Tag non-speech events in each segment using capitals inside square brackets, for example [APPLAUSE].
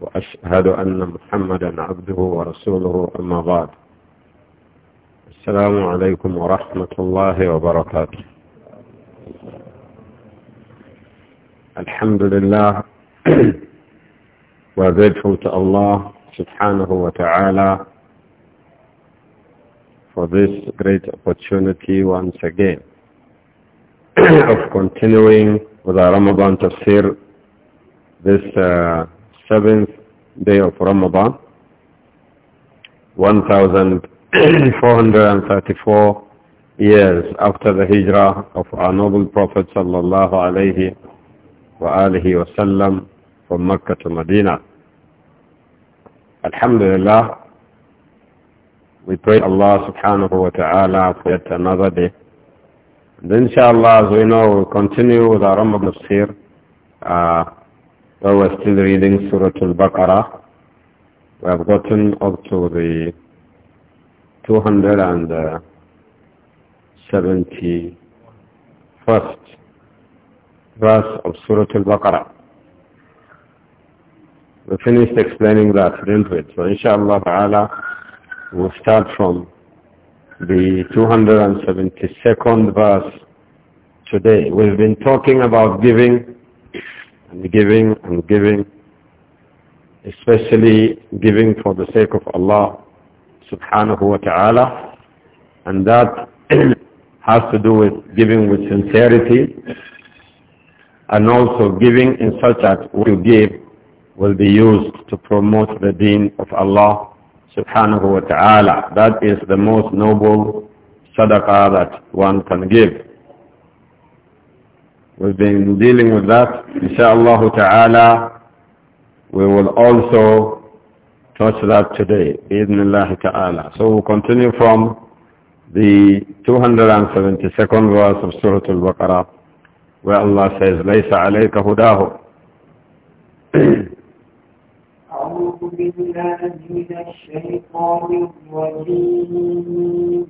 وأشهد أن محمدا عبده ورسوله أما بعد السلام عليكم ورحمة الله وبركاته الحمد لله We're grateful to Allah subhanahu wa ta'ala for this great opportunity once again of continuing with our Ramadan tafsir this uh, seventh day of Ramadan, 1434 years after the hijrah of our noble Prophet sallallahu alayhi wa alihi wasallam from Mecca to Medina. Alhamdulillah, we pray Allah subhanahu wa ta'ala for yet another day. And inshallah, as we know, we'll continue with our Ramadan Tafsir. Uh, well, we're still reading Surah Al-Baqarah. We have gotten up to the 271st verse of Surah Al-Baqarah. We finished explaining that, didn't we? So inshallah ta'ala, we'll start from the 272nd verse today. We've been talking about giving and giving and giving, especially giving for the sake of Allah subhanahu wa ta'ala. And that [CLEARS THROAT] has to do with giving with sincerity and also giving in such that what you give will be used to promote the deen of Allah subhanahu wa ta'ala. That is the most noble sadaqah that one can give. We've been dealing with that. Insha'Allah ta'ala, we will also touch that today. Bismillah ta'ala. So we'll continue from the 272nd verse of Surah Al-Baqarah, where Allah says, لَيْسَ عَلَيْكَ هُدَاهُ أعوذ بالله من الشيطان الرجيم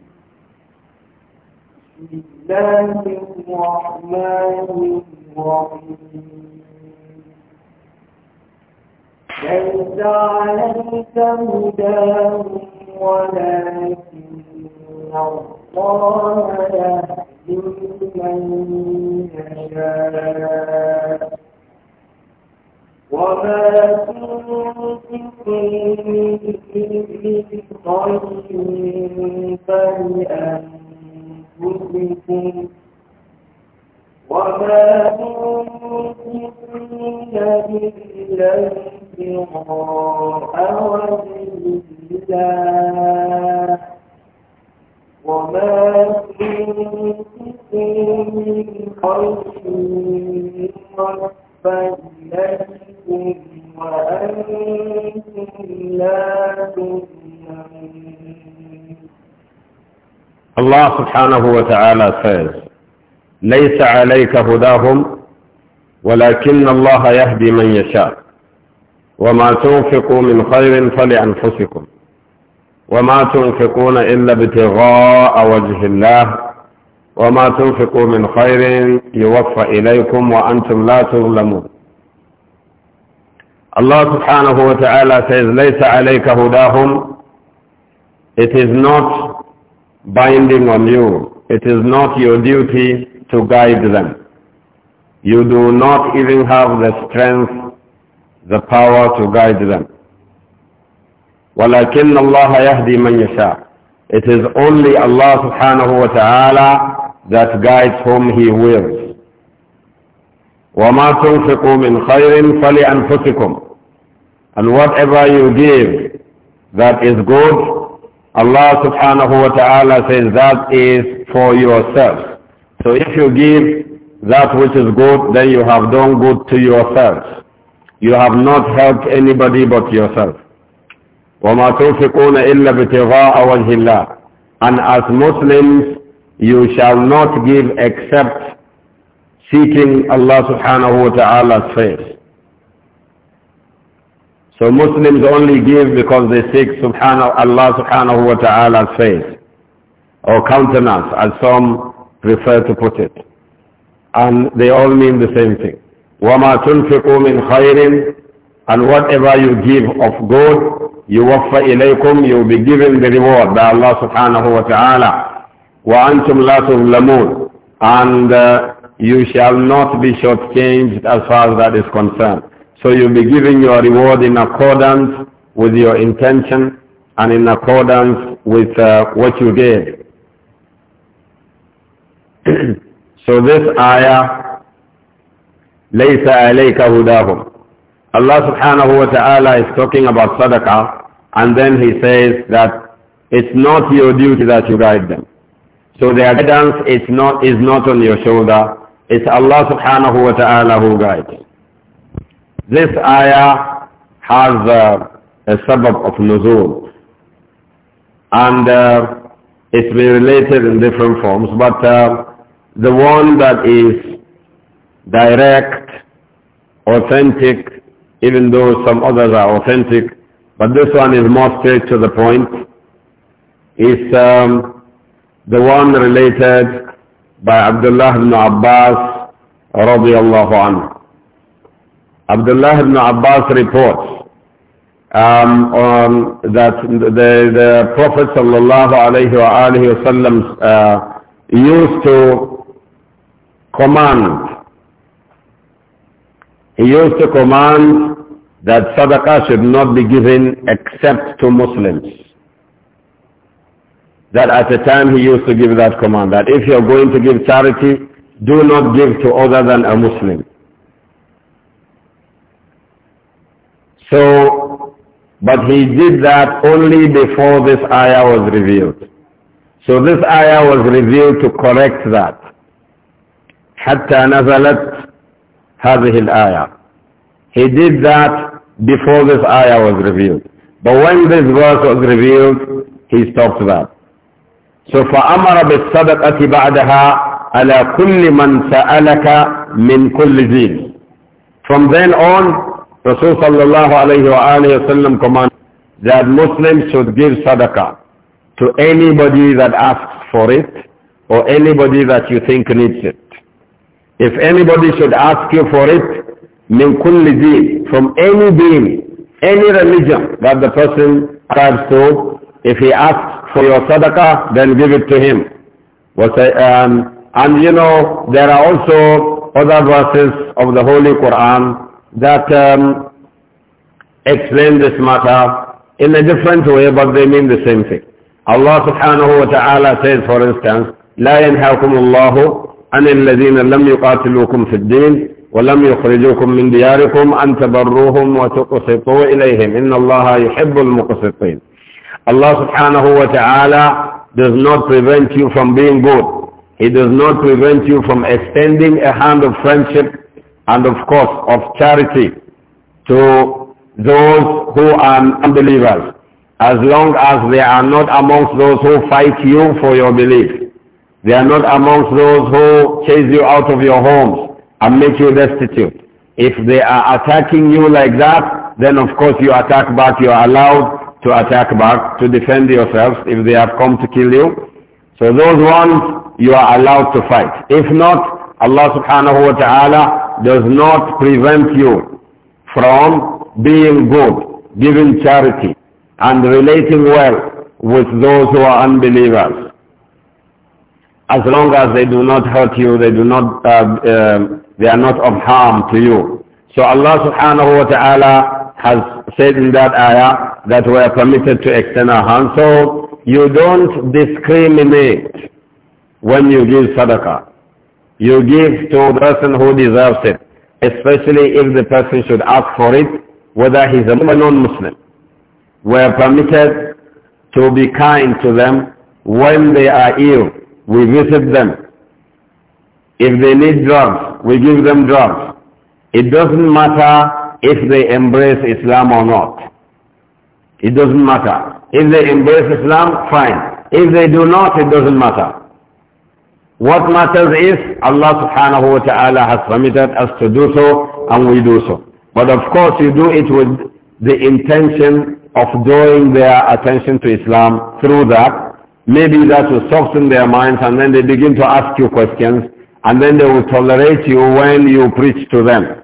بسم الله الرحمن الرحيم ليس عليك هداهم ولكن الله يهدي من وما تنفقوا من خير فلأنفسكم مشركين وما تنفقون إلا ابتغاء وجه الله وما تنفقوا من خير فإليكم وأنتم لا تظلمون الله سبحانه وتعالى says, لَيْسَ عَلَيْكَ هُدَاهُمْ وَلَكِنَّ اللَّهَ يَهْدِي مَنْ يَشَاءُ وَمَا تُنْفِقُوا مِنْ خَيْرٍ فَلِأَنفُسِكُمْ وَمَا تُنْفِقُونَ إِلَّا ابْتِغَاءَ وَجْهِ اللَّهِ وَمَا تُنْفِقُوا مِنْ خَيْرٍ يوفى إِلَيْكُمْ وَأَنْتُمْ لَا تُظْلَمُونَ الله سبحانه وتعالى says, لَيْسَ عَلَيْكَ هُدَاهُمْ It is not binding on you. It is not your duty to guide them. You do not even have the strength, the power to guide them. وَلَكِنَّ اللَّهَ يَهْدِي مَنْ يَشَاءُ It is only Allah subhanahu wa ta'ala that guides whom He wills. وَمَا تُنْفِقُوا مِنْ خَيْرٍ فَلِأَنفُسِكُمْ And whatever you give that is good Allah subhanahu wa ta'ala says that is for yourself. So if you give that which is good, then you have done good to yourself. You have not helped anybody but yourself. وَمَا تُنْفِقُونَ إِلَّا بِتِغَاءَ وَجْهِ اللَّهِ And as Muslims, you shall not give except seeking Allah subhanahu wa ta'ala's face. So Muslims only give because they seek subhanahu, Allah subhanahu wa ta'ala's face or countenance as some prefer to put it. And they all mean the same thing. وَمَا تُنْفِقُوا مِنْ خَيْرٍ And whatever you give of good, you وَفَّ إِلَيْكُمْ You'll be given the reward by Allah subhanahu wa ta'ala. وَأَنْتُمْ لَا تُظْلَمُونَ And uh, you shall not be shortchanged as far as that is concerned. So you'll be giving your reward in accordance with your intention and in accordance with uh, what you gave. [CLEARS THROAT] so this ayah, لَيْسَ عَلَيْكَ هُدَاهُمْ Allah subhanahu wa ta'ala is talking about sadaqah and then he says that it's not your duty that you guide them. So their guidance is not, is not on your shoulder. It's Allah subhanahu wa ta'ala who guides. This ayah has uh, a suburb of nuzul. And uh, it's been related in different forms, but uh, the one that is direct, authentic, even though some others are authentic, but this one is more straight to the point, is um, the one related by Abdullah ibn Abbas radiallahu anhu. Abdullah ibn Abbas reports um, on um, that the, the Prophet sallallahu alayhi wa alayhi uh, used to command, he used to command that sadaqah should not be given except to Muslims. That at the time he used to give that command, that if you're going to give charity, do not give to other than a Muslim. So, but he did that only before this ayah was revealed. So this ayah was revealed to correct that. حتى نزلت هذه الآية. He did that before this ayah was revealed. But when this verse was revealed, he stopped that. So فأمر بالصدقة بعدها على كل من سألك من كل دين. From then on, Rasul sallallahu alayhi wa alayhi wa sallam commanded that Muslims should give sadaqah to anybody that asks for it or anybody that you think needs it. If anybody should ask you for it, min kulli deen, from any deen, any religion that the person ascribes to, if he asks for your sadaqah, then give it to him. Um, and you know, there are also other verses of the Holy Quran that um, explain this matter in a different way, but they mean the same thing. Allah subhanahu wa ta'ala says, for instance, لا ينهاكم الله عن الذين لم يقاتلوكم في الدين ولم يخرجوكم من دياركم أن تبروهم وتقسطوا إليهم إن الله يحب المقسطين Allah subhanahu wa ta'ala does not prevent you from being good. He does not prevent you from extending a hand of friendship and of course of charity to those who are unbelievers as long as they are not amongst those who fight you for your belief. They are not amongst those who chase you out of your homes and make you destitute. If they are attacking you like that, then of course you attack back. You are allowed to attack back, to defend yourselves if they have come to kill you. So those ones, you are allowed to fight. If not, Allah subhanahu wa ta'ala does not prevent you from being good, giving charity, and relating well with those who are unbelievers. As long as they do not hurt you, they do not, uh, uh, they are not of harm to you. So Allah subhanahu wa ta'ala has said in that ayah that we are permitted to extend our hand. So you don't discriminate when you give sadaqah. You give to a person who deserves it, especially if the person should ask for it, whether he's a non-Muslim. We are permitted to be kind to them when they are ill. We visit them. If they need drugs, we give them drugs. It doesn't matter if they embrace Islam or not. It doesn't matter. If they embrace Islam, fine. If they do not, it doesn't matter. What matters is Allah subhanahu wa ta'ala has permitted us to do so and we do so. But of course you do it with the intention of drawing their attention to Islam through that. Maybe that will soften their minds and then they begin to ask you questions and then they will tolerate you when you preach to them.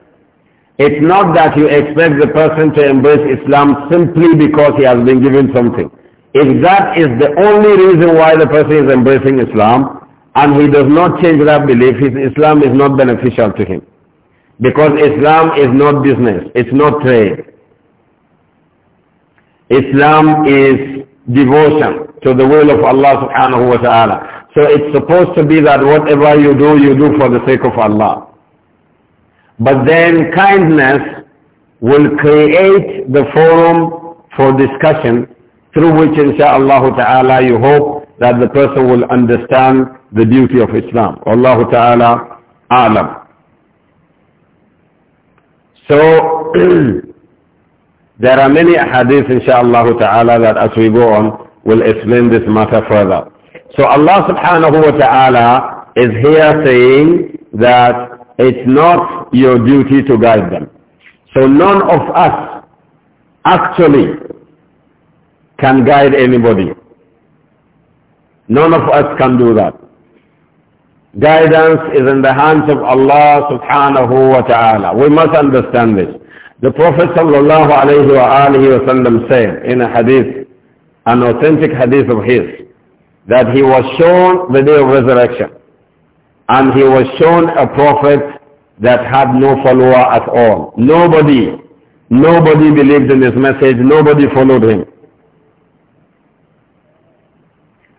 It's not that you expect the person to embrace Islam simply because he has been given something. If that is the only reason why the person is embracing Islam, and he does not change that belief, his Islam is not beneficial to him. Because Islam is not business, it's not trade. Islam is devotion to the will of Allah subhanahu wa ta'ala. So it's supposed to be that whatever you do, you do for the sake of Allah. But then kindness will create the forum for discussion through which inshaAllah ta'ala you hope that the person will understand the beauty of Islam. Allah Ta'ala A'lam. So, [CLEARS THROAT] there are many hadiths inshaAllah Ta'ala that as we go on will explain this matter further. So Allah Subhanahu Wa Ta'ala is here saying that it's not your duty to guide them. So none of us actually can guide anybody. None of us can do that. Guidance is in the hands of Allah subhanahu wa ta'ala. We must understand this. The Prophet sallallahu alayhi wa alihi wa sallam said in a hadith, an authentic hadith of his, that he was shown the day of resurrection. And he was shown a prophet that had no follower at all. Nobody, nobody believed in his message, nobody followed him.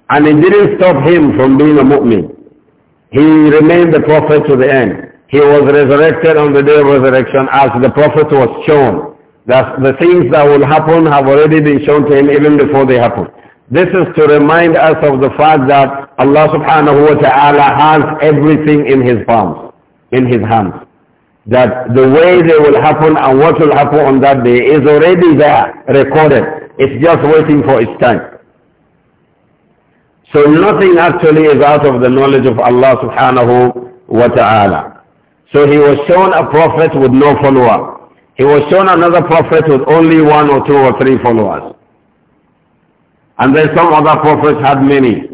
And it didn't stop him from being a mu'min. He remained the prophet to the end. He was resurrected on the day of resurrection as the prophet was shown. That the things that will happen have already been shown to him even before they happen. This is to remind us of the fact that Allah subhanahu wa ta'ala has everything in his palms, in his hands. That the way they will happen and what will happen on that day is already there, recorded. It's just waiting for its time. So nothing actually is out of the knowledge of Allah subhanahu wa ta'ala. So he was shown a prophet with no follower. He was shown another prophet with only one or two or three followers. And then some other prophets had many.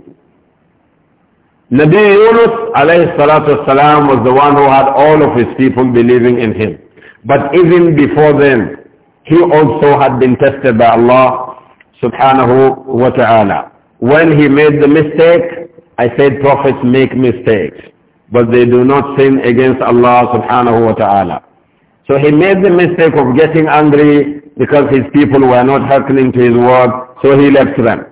Nabi Yunus alayhi salatu salam was the one who had all of his people believing in him. But even before then, he also had been tested by Allah subhanahu wa ta'ala. When he made the mistake, I said prophets make mistakes, but they do not sin against Allah subhanahu wa ta'ala. So he made the mistake of getting angry because his people were not hearkening to his word, so he left them.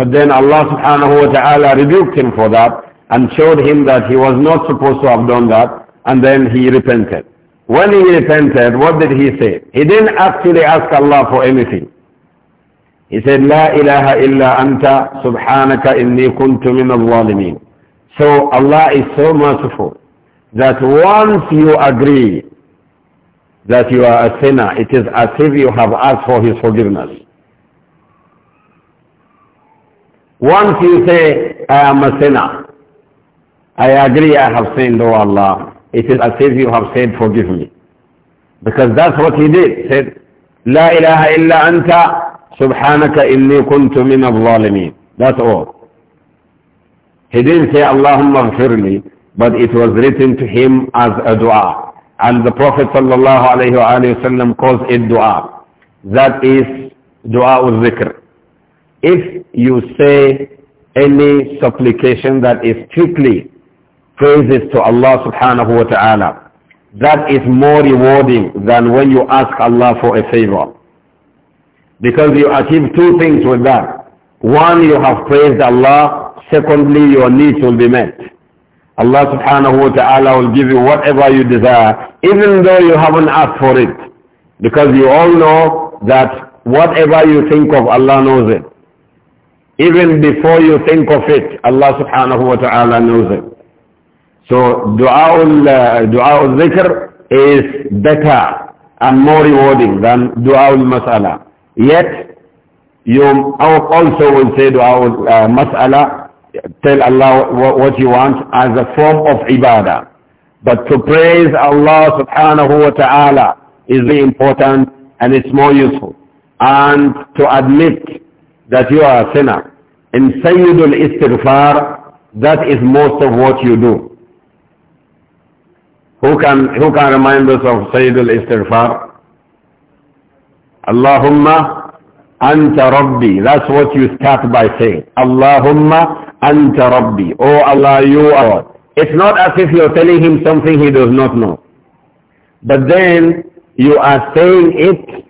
But then Allah subhanahu wa ta'ala rebuked him for that and showed him that he was not supposed to have done that, and then he repented. When he repented, what did he say? He didn't actually ask Allah for anything. He said, La ilaha illa anta subhanaka inni kuntu min al So Allah is so merciful that once you agree that you are a sinner, it is as if you have asked for his forgiveness. Once you say, I am a sinner, I agree I have sinned, O Allah, it is as if you have said, forgive me. Because that's what he did. He said, La ilaha illa anta Subhanaka inni kuntu min al That's all. He didn't say Allahumma gfirli, but it was written to him as a dua. And the Prophet sallallahu alaihi wasallam calls it dua. That is dua al-zikr. If you say any supplication that is strictly praises to Allah subhanahu wa ta'ala, that is more rewarding than when you ask Allah for a favor. Because you achieve two things with that. One, you have praised Allah. Secondly, your needs will be met. Allah subhanahu wa ta'ala will give you whatever you desire, even though you haven't asked for it. Because you all know that whatever you think of, Allah knows it. Even before you think of it, Allah subhanahu wa ta'ala knows it. So dua uh, dua al-zikr is better and more rewarding than dua al-mas'ala. Yet, you also will say dua uh, mas'ala, tell Allah what you want as a form of ibadah. But to praise Allah subhanahu wa ta'ala is very important and it's more useful. And to admit that you are a sinner. In Sayyidul Istighfar, that is most of what you do. Who can, who can remind us of Sayyidul Istighfar? Allahumma anta rabbi. That's what you start by saying. Allahumma anta rabbi. Oh Allah, you are. It's not as if you're telling him something he does not know. But then you are saying it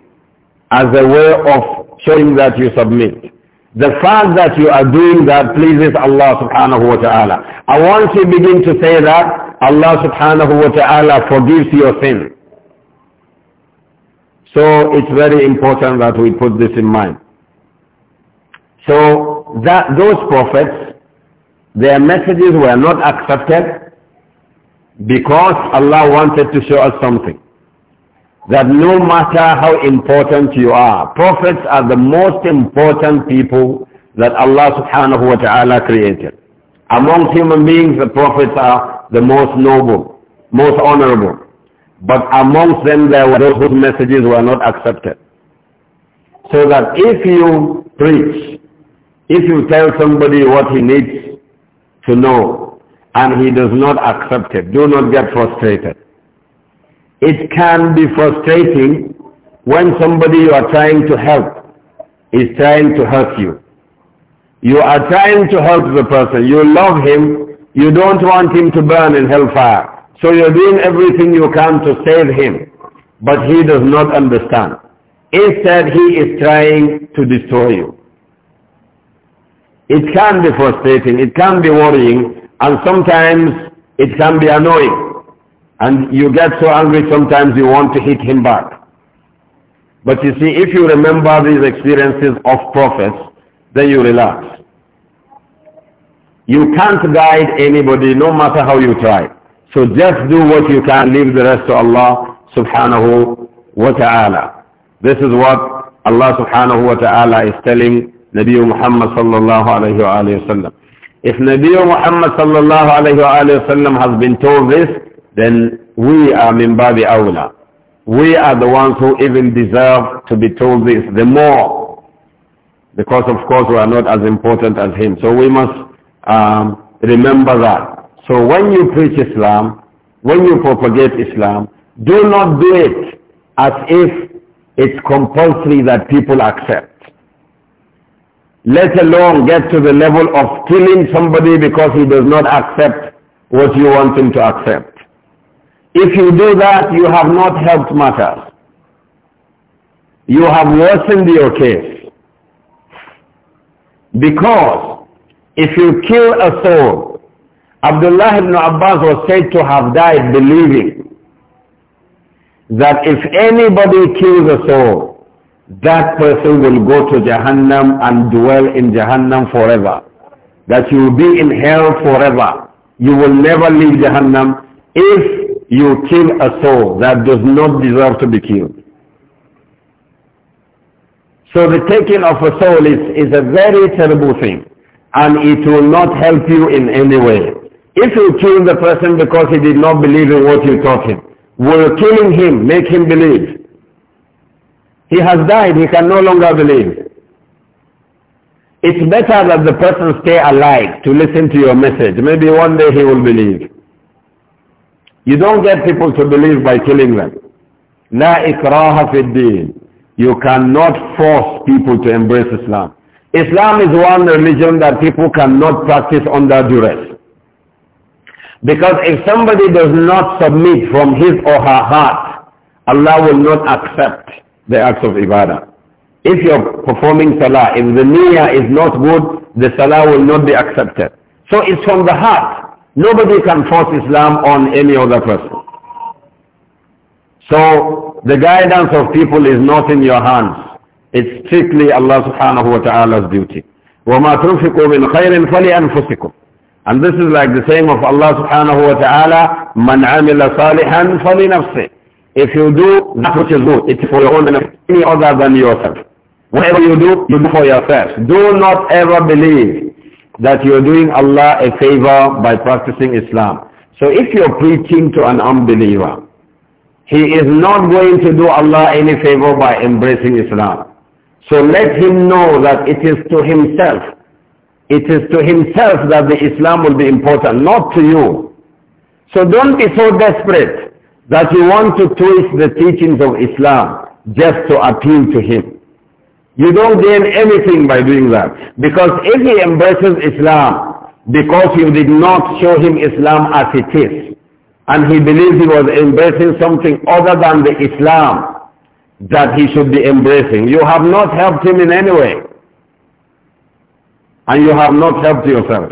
as a way of showing that you submit. The fact that you are doing that pleases Allah subhanahu wa ta'ala. And once you begin to say that, Allah subhanahu wa ta'ala forgives your sin. So it's very important that we put this in mind. So that those prophets, their messages were not accepted because Allah wanted to show us something. That no matter how important you are, prophets are the most important people that Allah subhanahu wa ta'ala created. Among human beings, the prophets are the most noble, most honorable. But amongst them there were those whose messages were not accepted. So that if you preach, if you tell somebody what he needs to know and he does not accept it, do not get frustrated. It can be frustrating when somebody you are trying to help is trying to hurt you. You are trying to help the person. You love him. You don't want him to burn in hellfire. So you're doing everything you can to save him, but he does not understand. Instead, he is trying to destroy you. It can be frustrating, it can be worrying, and sometimes it can be annoying. And you get so angry sometimes you want to hit him back. But you see, if you remember these experiences of prophets, then you relax. You can't guide anybody no matter how you try. So just do what you can, leave the rest to Allah subhanahu wa ta'ala. This is what Allah subhanahu wa ta'ala is telling Nabi Muhammad sallallahu alayhi wa, sallam. If Nabi Muhammad sallallahu alayhi wa, sallam has been told this, then we are min babi awla. We are the ones who even deserve to be told this, the more. Because of course we are not as important as him. So we must um, remember that. So when you preach Islam, when you propagate Islam, do not do it as if it's compulsory that people accept. Let alone get to the level of killing somebody because he does not accept what you want him to accept. If you do that, you have not helped matters. You have worsened your case. Because if you kill a soul Abdullah ibn Abbas was said to have died believing that if anybody kills a soul, that person will go to Jahannam and dwell in Jahannam forever. That you will be in hell forever. You will never leave Jahannam if you kill a soul that does not deserve to be killed. So the taking of a soul is, is a very terrible thing and it will not help you in any way. If you kill the person because he did not believe in what you taught him, will killing him make him believe? He has died, he can no longer believe. It's better that the person stay alive to listen to your message. Maybe one day he will believe. You don't get people to believe by killing them. لا ikraha fid You cannot force people to embrace Islam. Islam is one religion that people cannot practice under duress. Because if somebody does not submit from his or her heart, Allah will not accept the acts of ibadah. If you're performing salah, if the niyyah is not good, the salah will not be accepted. So it's from the heart. Nobody can force Islam on any other person. So the guidance of people is not in your hands. It's strictly Allah subhanahu wa ta'ala's duty. وَمَا تُنْفِقُوا مِنْ خَيْرٍ فَلِأَنفُسِكُمْ and this is like the saying of Allah subhanahu wa ta'ala, مَنْ عَمِلَ صَالِحًا فَلِنَفْسِهِ If you do that which is good, it's for your own benefit, any other than yourself. Whatever you do, you do for yourself. Do not ever believe that you're doing Allah a favor by practicing Islam. So if you're preaching to an unbeliever, he is not going to do Allah any favor by embracing Islam. So let him know that it is to himself it is to himself that the Islam will be important, not to you. So don't be so desperate that you want to twist the teachings of Islam just to appeal to him. You don't gain anything by doing that. Because if he embraces Islam because you did not show him Islam as it is, and he believes he was embracing something other than the Islam that he should be embracing, you have not helped him in any way and you have not helped yourself.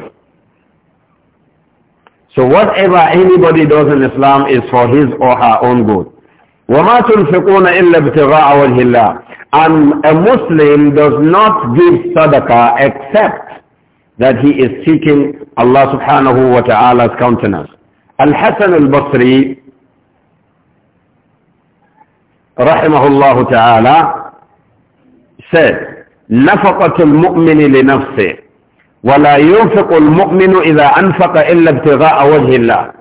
So whatever anybody does in Islam is for his or her own good. وَمَا تُنْفِقُونَ إِلَّا ابْتِغَاءَ وَجْهِ اللَّهِ And a Muslim does not give sadaqah except that he is seeking Allah subhanahu wa ta'ala's countenance. Al-Hasan al-Basri, rahimahullah ta'ala, said, نَفَقَةُ الْمُؤْمِنِ لِنَفْسِهِ ولا ينفق المؤمن إذا أنفق إلا ابتغاء وجه الله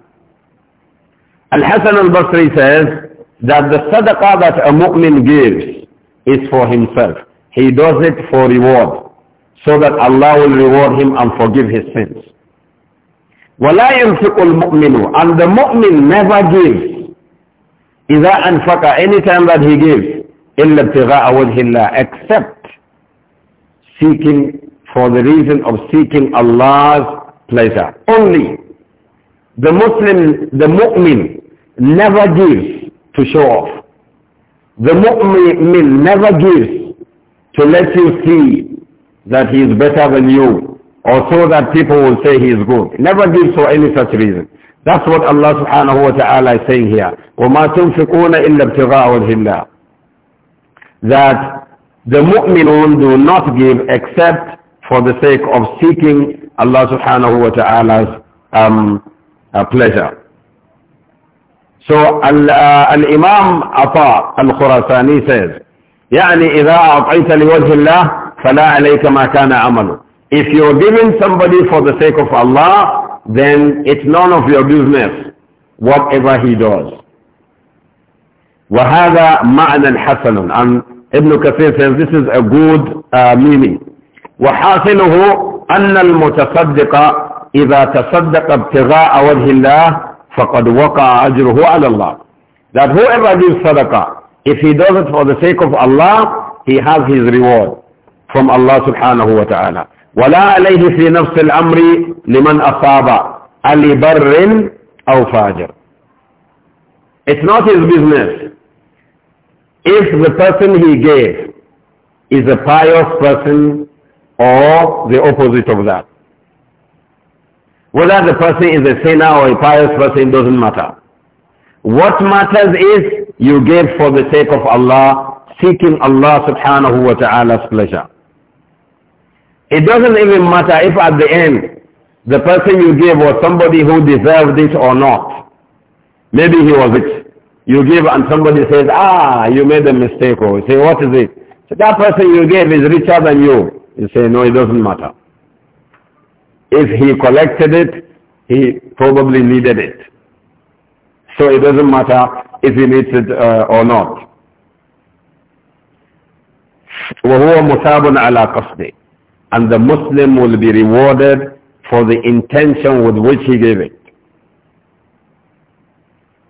Al-Hasan al-Basri says that the sadaqah that a mu'min gives is for himself. He does it for reward, so that Allah will reward him and forgive his sins. وَلَا يَنْفِقُ الْمُؤْمِنُ And the mu'min never gives. إِذَا أَنْفَقَ time that he gives, إِلَّا ابْتِغَاءَ وَجْهِ اللَّهِ Except seeking for the reason of seeking Allah's pleasure. Only the Muslim, the mu'min never gives to show off. The mu'min never gives to let you see that he is better than you or so that people will say he is good. Never gives for any such reason. That's what Allah subhanahu wa ta'ala is saying here. وَمَا تُنْفِقُونَ إِلَّا ابْتِغَاءَ That the mu'minun do not give except for the sake of seeking Allah subhanahu wa ta'ala's um, uh, pleasure. So Al-Imam uh, Al-Khurasani says, يعني إذا أعطيت لوجه الله فلا عليك ما كان عمله. If you're giving somebody for the sake of Allah, then it's none of your business, whatever he does. وهذا معنى حسن. And Ibn Kathir says this is a good uh, meaning. وحاصله أن المتصدق إذا تصدق ابتغاء وجه الله فقد وقع أجره على الله That whoever gives sadaqah, if he does it for the sake of Allah, he has his reward from Allah subhanahu wa ta'ala. ولا عليه في نفس الأمر لمن أصاب ألبر أو فاجر. It's not his business. If the person he gave is a pious person or the opposite of that. Whether the person is a sinner or a pious person doesn't matter. What matters is you give for the sake of Allah, seeking Allah subhanahu wa ta'ala's pleasure. It doesn't even matter if at the end the person you gave was somebody who deserved it or not. Maybe he was it. You give and somebody says, ah, you made a mistake. Or oh. you say, what is it? So that person you gave is richer than you. You say, no, it doesn't matter. If he collected it, he probably needed it. So it doesn't matter if he needs it uh, or not. وهو مثاب على قصده and the Muslim will be rewarded for the intention with which he gave it.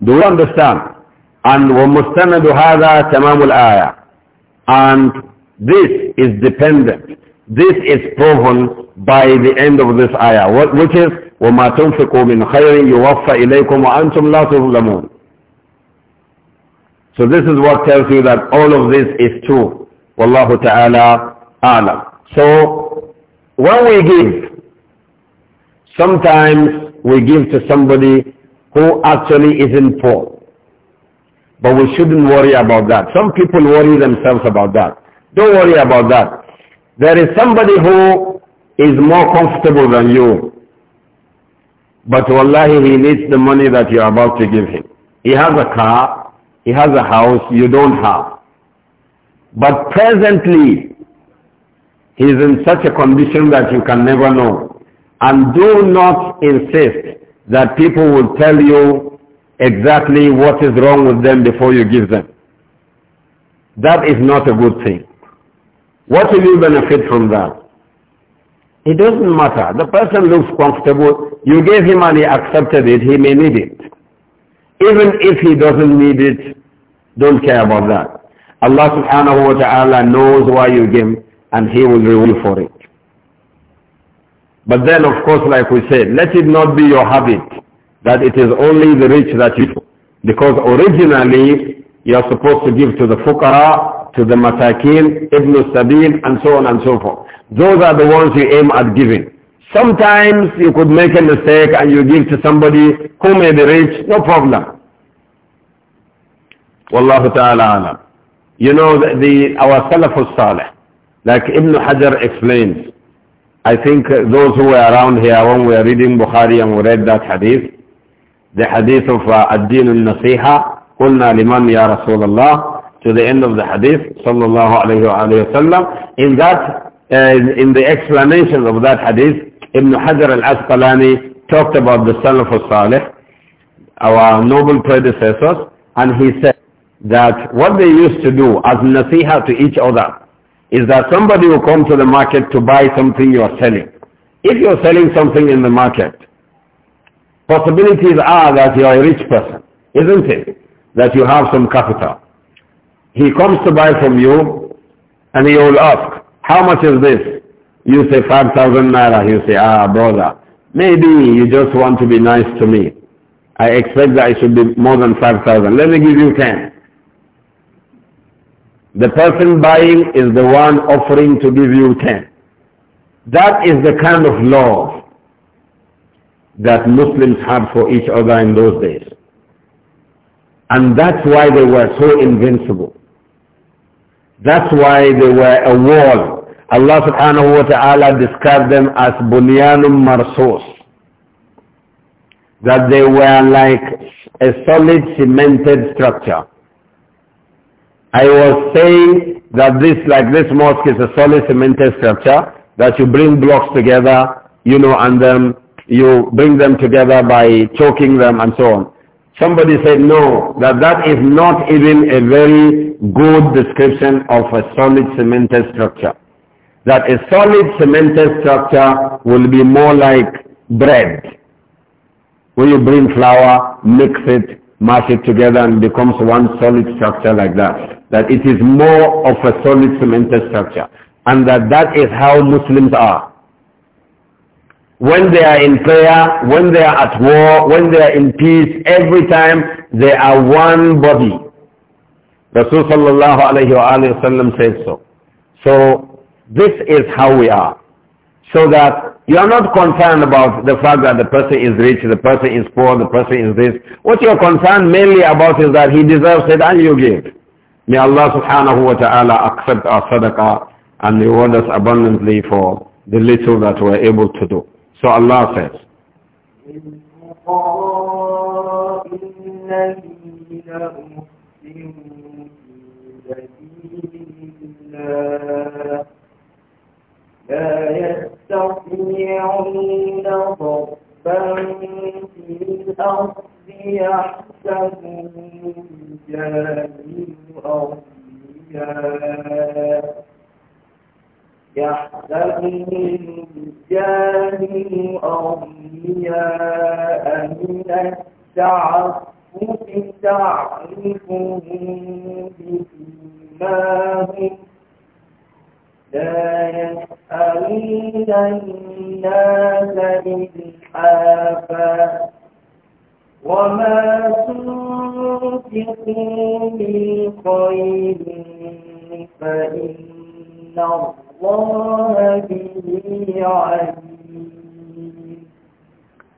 Do you understand? And ومستند هذا تمام الآية and this is dependent this is proven by the end of this ayah, which is وَمَا تُنْفِقُوا مِنْ خَيْرٍ يُوَفَّ إِلَيْكُمْ وَأَنْتُمْ لَا تُظْلَمُونَ So this is what tells you that all of this is true. Wallahu ta'ala a'lam. So when we give, sometimes we give to somebody who actually isn't poor. But we shouldn't worry about that. Some people worry themselves about that. Don't worry about that. There is somebody who is more comfortable than you. But wallahi, he needs the money that you're about to give him. He has a car, he has a house you don't have. But presently, he is in such a condition that you can never know. And do not insist that people will tell you exactly what is wrong with them before you give them. That is not a good thing. What will you benefit from that? It doesn't matter. The person looks comfortable. You gave him and he accepted it. He may need it. Even if he doesn't need it, don't care about that. Allah subhanahu wa ta'ala knows why you give and he will reward you for it. But then of course like we said, let it not be your habit that it is only the rich that you because originally you are supposed to give to the fuqara to the masakin, ibn sabil, and so on and so forth. Those are the ones you aim at giving. Sometimes you could make a mistake and you give to somebody who may be rich, no problem. Wallahu ta'ala You know, the, the our Salafus Saleh, like Ibn Hajar explains, I think uh, those who were around here when we were reading Bukhari and we read that hadith, the hadith of uh, Ad-Din al-Nasiha, قلنا لمن يا رسول الله to the end of the hadith, sallallahu alayhi wa In that, uh, in the explanation of that hadith, Ibn Hajar al-Asqalani talked about the Salaf al-Salih, our noble predecessors, and he said that what they used to do as nasiha to each other is that somebody will come to the market to buy something you are selling. If you're selling something in the market, possibilities are that you're a rich person, isn't it? That you have some capital. He comes to buy from you and he will ask, how much is this? You say 5,000 naira. He'll say, ah, brother, maybe you just want to be nice to me. I expect that it should be more than 5,000. Let me give you 10. The person buying is the one offering to give you 10. That is the kind of love that Muslims had for each other in those days. And that's why they were so invincible. That's why they were a wall. Allah subhanahu wa ta'ala described them as bunyanum marsus. That they were like a solid cemented structure. I was saying that this, like this mosque is a solid cemented structure, that you bring blocks together, you know, and then you bring them together by choking them and so on. Somebody said, no, that that is not even a very good description of a solid cemented structure. That a solid cemented structure will be more like bread. When you bring flour, mix it, mash it together and becomes one solid structure like that. That it is more of a solid cemented structure. And that that is how Muslims are when they are in prayer, when they are at war, when they are in peace, every time they are one body. Rasulullah sallallahu alayhi wa sallam says so. So this is how we are. So that you are not concerned about the fact that the person is rich, the person is poor, the person is this. What you are concerned mainly about is that he deserves it and you give. May Allah subhanahu wa ta'ala accept our sadaqah and reward us abundantly for the little that we're able to do. So الله خير لا يستطيعون ضربا في الأرض يحسبون جاهل أغنياء يحسبهم الجاهل أغنياء من التعفف تعرفهم بسماهم لا يسألين الناس إلحافا وما تنفقوا من خير فإن الله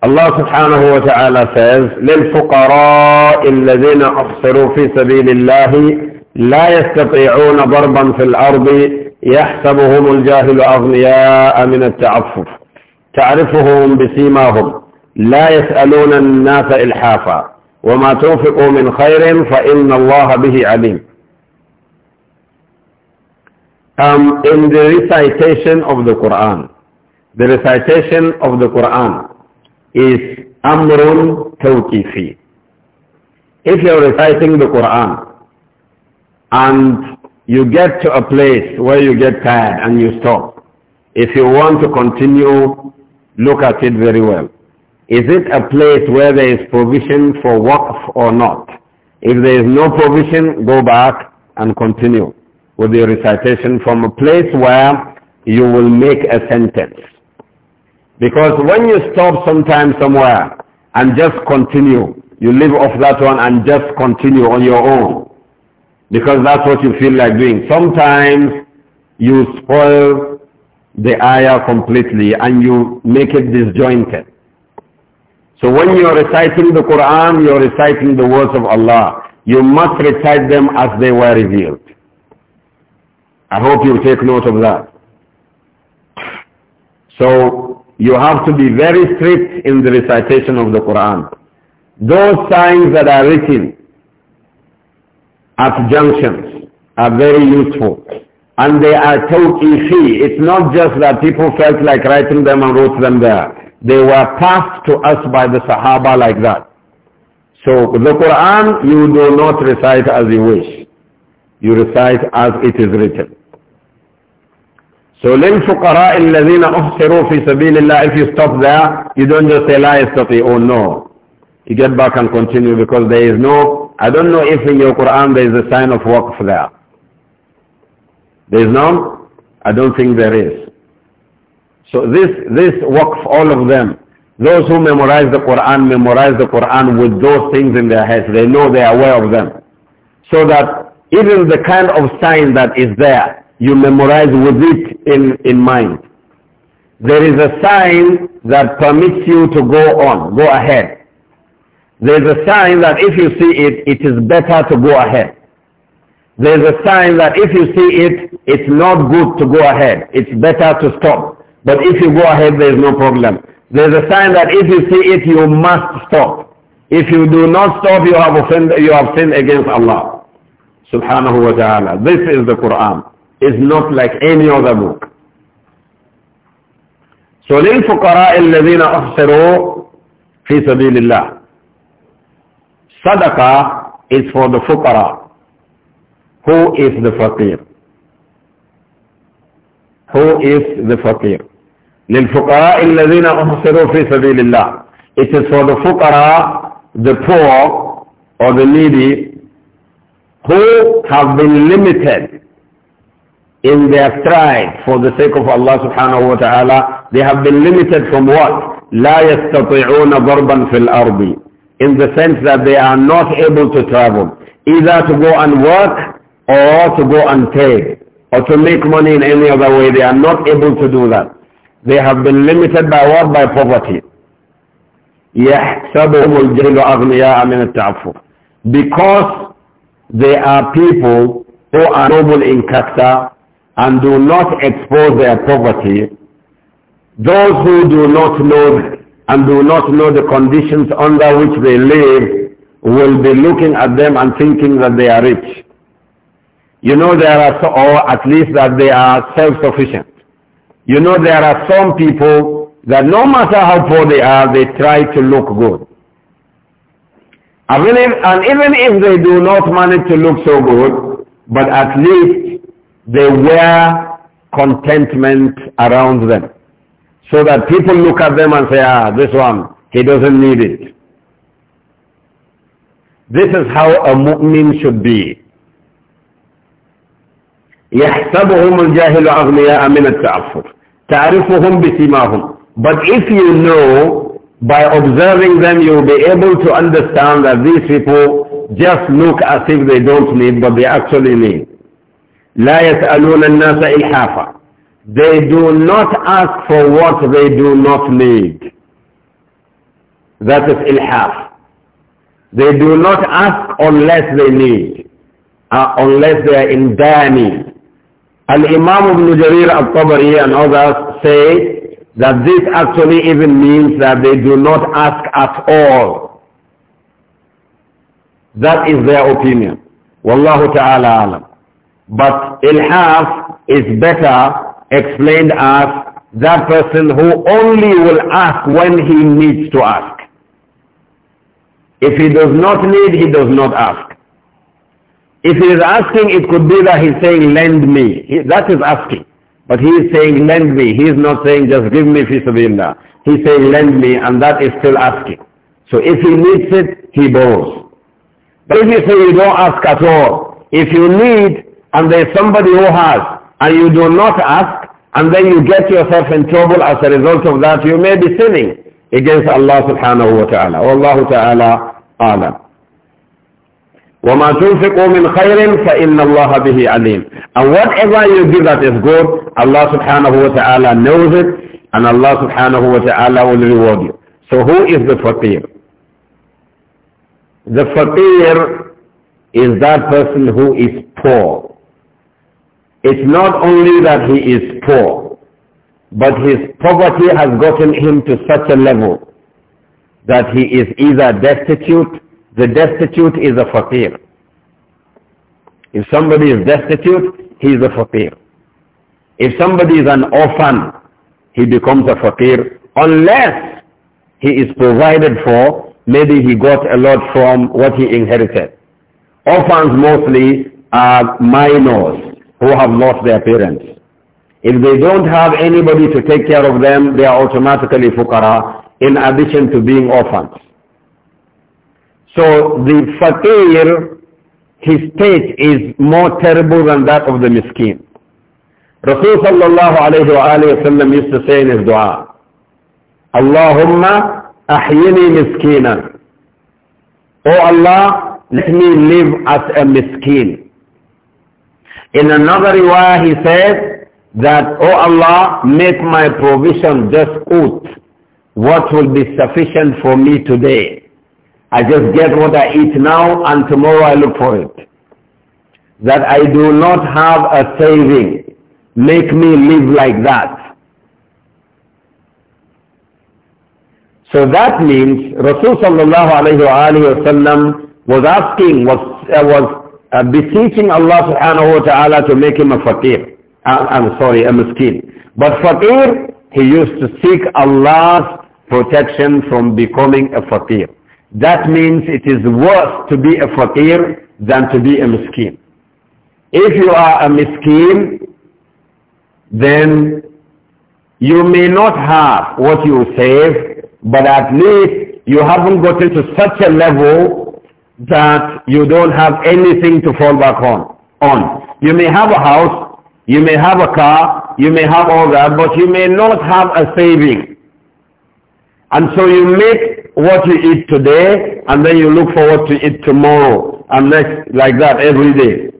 الله سبحانه وتعالى says للفقراء الذين أحصروا في سبيل الله لا يستطيعون ضربا في الأرض يحسبهم الجاهل أغنياء من التعفف تعرفهم بسيماهم لا يسألون الناس إلحافا وما تنفقوا من خير فإن الله به عليم um, in the recitation of the Quran. The recitation of the Quran is amrun tawqifi. If you're reciting the Quran and you get to a place where you get tired and you stop, if you want to continue, look at it very well. Is it a place where there is provision for waqf or not? If there is no provision, go back and continue with your recitation from a place where you will make a sentence. Because when you stop sometime somewhere and just continue, you leave off that one and just continue on your own. Because that's what you feel like doing. Sometimes you spoil the ayah completely and you make it disjointed. So when you're reciting the Quran, you're reciting the words of Allah. You must recite them as they were revealed. I hope you take note of that. So you have to be very strict in the recitation of the Quran. Those signs that are written at junctions are very useful. And they are tawqifi. It's not just that people felt like writing them and wrote them there. They were passed to us by the Sahaba like that. So the Quran you do not recite as you wish. You recite as it is written. So للفقراء الذين أحصروا في سبيل الله if you stop there you don't just say لا Oh no you get back and continue because there is no I don't know if in your Quran there is a sign of waqf there there is none I don't think there is so this this waqf all of them those who memorize the Quran memorize the Quran with those things in their heads they know they are aware of them so that even the kind of sign that is there you memorize with it in, in mind. There is a sign that permits you to go on, go ahead. There is a sign that if you see it, it is better to go ahead. There is a sign that if you see it, it's not good to go ahead. It's better to stop. But if you go ahead, there is no problem. There is a sign that if you see it, you must stop. If you do not stop, you have, offended, you have sinned against Allah. Subhanahu wa ta'ala. This is the Quran is not like any other book. So للفقراء الذين أحصروا في سبيل الله Sadaqah is for the fuqara. Who is the faqir? Who is the faqir? للفقراء الذين أحصروا في سبيل الله It is for the fuqara, the poor or the needy who have been limited in their strive for the sake of Allah subhanahu wa ta'ala, they have been limited from what? لا يستطيعون ضربا في الأرض in the sense that they are not able to travel, either to go and work or to go and trade or to make money in any other way. They are not able to do that. They have been limited by what? By poverty. يحسبهم الجهل أغنياء من التعفف because they are people who are noble in character and do not expose their poverty, those who do not know and do not know the conditions under which they live will be looking at them and thinking that they are rich. You know there are, so, or at least that they are self-sufficient. You know there are some people that no matter how poor they are, they try to look good. I believe, and even if they do not manage to look so good, but at least they wear contentment around them. So that people look at them and say, ah, this one, he doesn't need it. This is how a mu'min should be. يحسبهم الجاهل أغنياء من التعفف تعرفهم بسماهم But if you know, by observing them, you'll be able to understand that these people just look as if they don't need, but they actually need. لا يسألون الناس إلحافا They do not ask for what they do not need. That is ilhaf. They do not ask unless they need, uh, unless they are in dire need. Al-Imam ibn Jarir al-Tabari and others say that this actually even means that they do not ask at all. That is their opinion. Wallahu ta'ala alam. But ilhaf is better explained as that person who only will ask when he needs to ask. If he does not need, he does not ask. If he is asking, it could be that he's saying, lend me. He, that is asking. But he is saying, lend me. He is not saying, just give me He is saying, lend me, and that is still asking. So if he needs it, he borrows. But if you say you don't ask at all, if you need, and there is somebody who has and you do not ask and then you get yourself in trouble as a result of that, you may be sinning against Allah subhanahu wa ta'ala. Allah ta'ala alam. وَمَا تُنْفِقُوا مِنْ خَيْرٍ فَإِنَّ اللَّهَ بِهِ عَلِيمٌ And whatever you do that is good, Allah subhanahu wa ta'ala knows it and Allah subhanahu wa ta'ala will reward you. So who is the faqir? The faqir is that person who is poor. It's not only that he is poor, but his poverty has gotten him to such a level that he is either destitute, the destitute is a fakir. If somebody is destitute, he is a fakir. If somebody is an orphan, he becomes a fakir unless he is provided for, maybe he got a lot from what he inherited. Orphans mostly are minors who have lost their parents. If they don't have anybody to take care of them, they are automatically fukara. in addition to being orphans. So the fakir, his state is more terrible than that of the miskin. Rasul sallallahu alayhi wa alayhi wa sallam used to say in his dua, Allahumma ahyini miskina." O Allah, let me live as a miskin. In another riwayah he says that, O oh Allah, make my provision just out. what will be sufficient for me today. I just get what I eat now and tomorrow I look for it. That I do not have a saving. Make me live like that. So that means Rasulullah sallallahu was asking, was, uh, was uh, beseeching Allah subhanahu wa ta'ala to make him a faqir. Uh, I'm sorry, a miskin. But faqir, he used to seek Allah's protection from becoming a faqir. That means it is worse to be a faqir than to be a miskin. If you are a miskin, then you may not have what you save, but at least you haven't gotten to such a level that you don't have anything to fall back on. on. You may have a house, you may have a car, you may have all that, but you may not have a saving. And so you make what you eat today, and then you look forward to eat tomorrow, and next, like that, every day.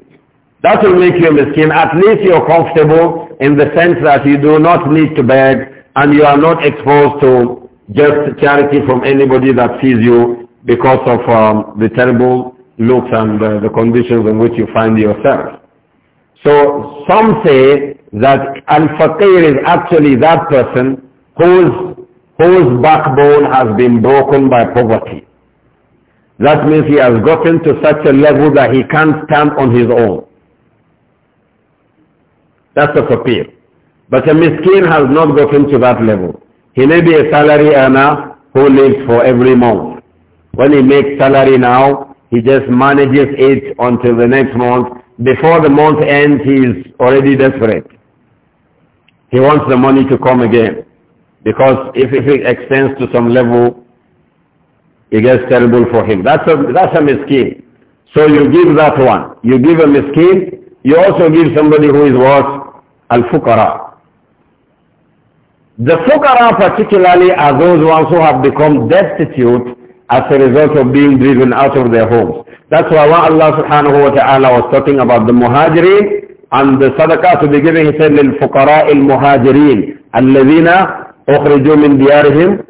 That will make you a miskin. At least you're comfortable in the sense that you do not need to beg, and you are not exposed to just charity from anybody that sees you because of um, the terrible looks and uh, the conditions in which you find yourself. So some say that al-faqir is actually that person whose, whose backbone has been broken by poverty. That means he has gotten to such a level that he can't stand on his own. That's a faqir. But a miskin has not gotten to that level. He may be a salary earner who lives for every month. When he makes salary now, he just manages it until the next month. Before the month ends, he is already desperate. He wants the money to come again. Because if, if it extends to some level, it gets terrible for him. That's a, that's a miskin. So you give that one. You give a miskin, you also give somebody who is what? Al-fuqara. The fuqara particularly are those ones who have become destitute as a result of being driven out of their homes. That's why what Allah subhanahu wa ta'ala was talking about the muhajirin and the sadaqah to be given, he said, لِلْفُقَرَاءِ الْمُهَاجِرِينَ الَّذِينَ أُخْرِجُوا مِنْ دِيَارِهِمْ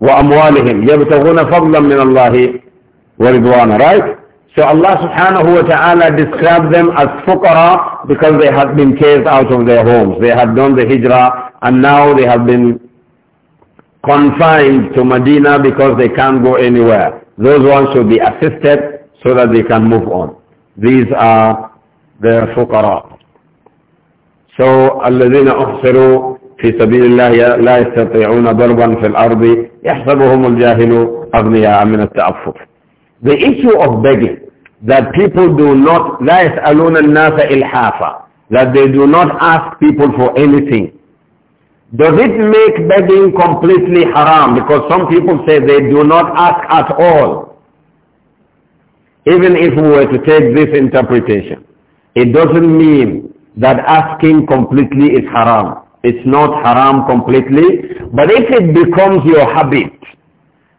وَأَمْوَالِهِمْ يَبْتَغُونَ فَضْلًا مِنَ اللَّهِ وَرِضْوَانَ Right? So Allah subhanahu wa ta'ala described them as fuqara because they had been chased out of their homes. They had done the hijrah and now they have been confined to Medina because they can't go anywhere. Those ones should be assisted so that they can move on. These are the fuqara. So, الذين أحصروا في سبيل الله لا يستطيعون ضربا في الأرض يحسبهم الجاهل أغنياء من التعفف. The issue of begging, that people do not, لا يسألون الناس إلحافا, that they do not ask people for anything. Does it make begging completely haram? Because some people say they do not ask at all. Even if we were to take this interpretation, it doesn't mean that asking completely is haram. It's not haram completely. But if it becomes your habit,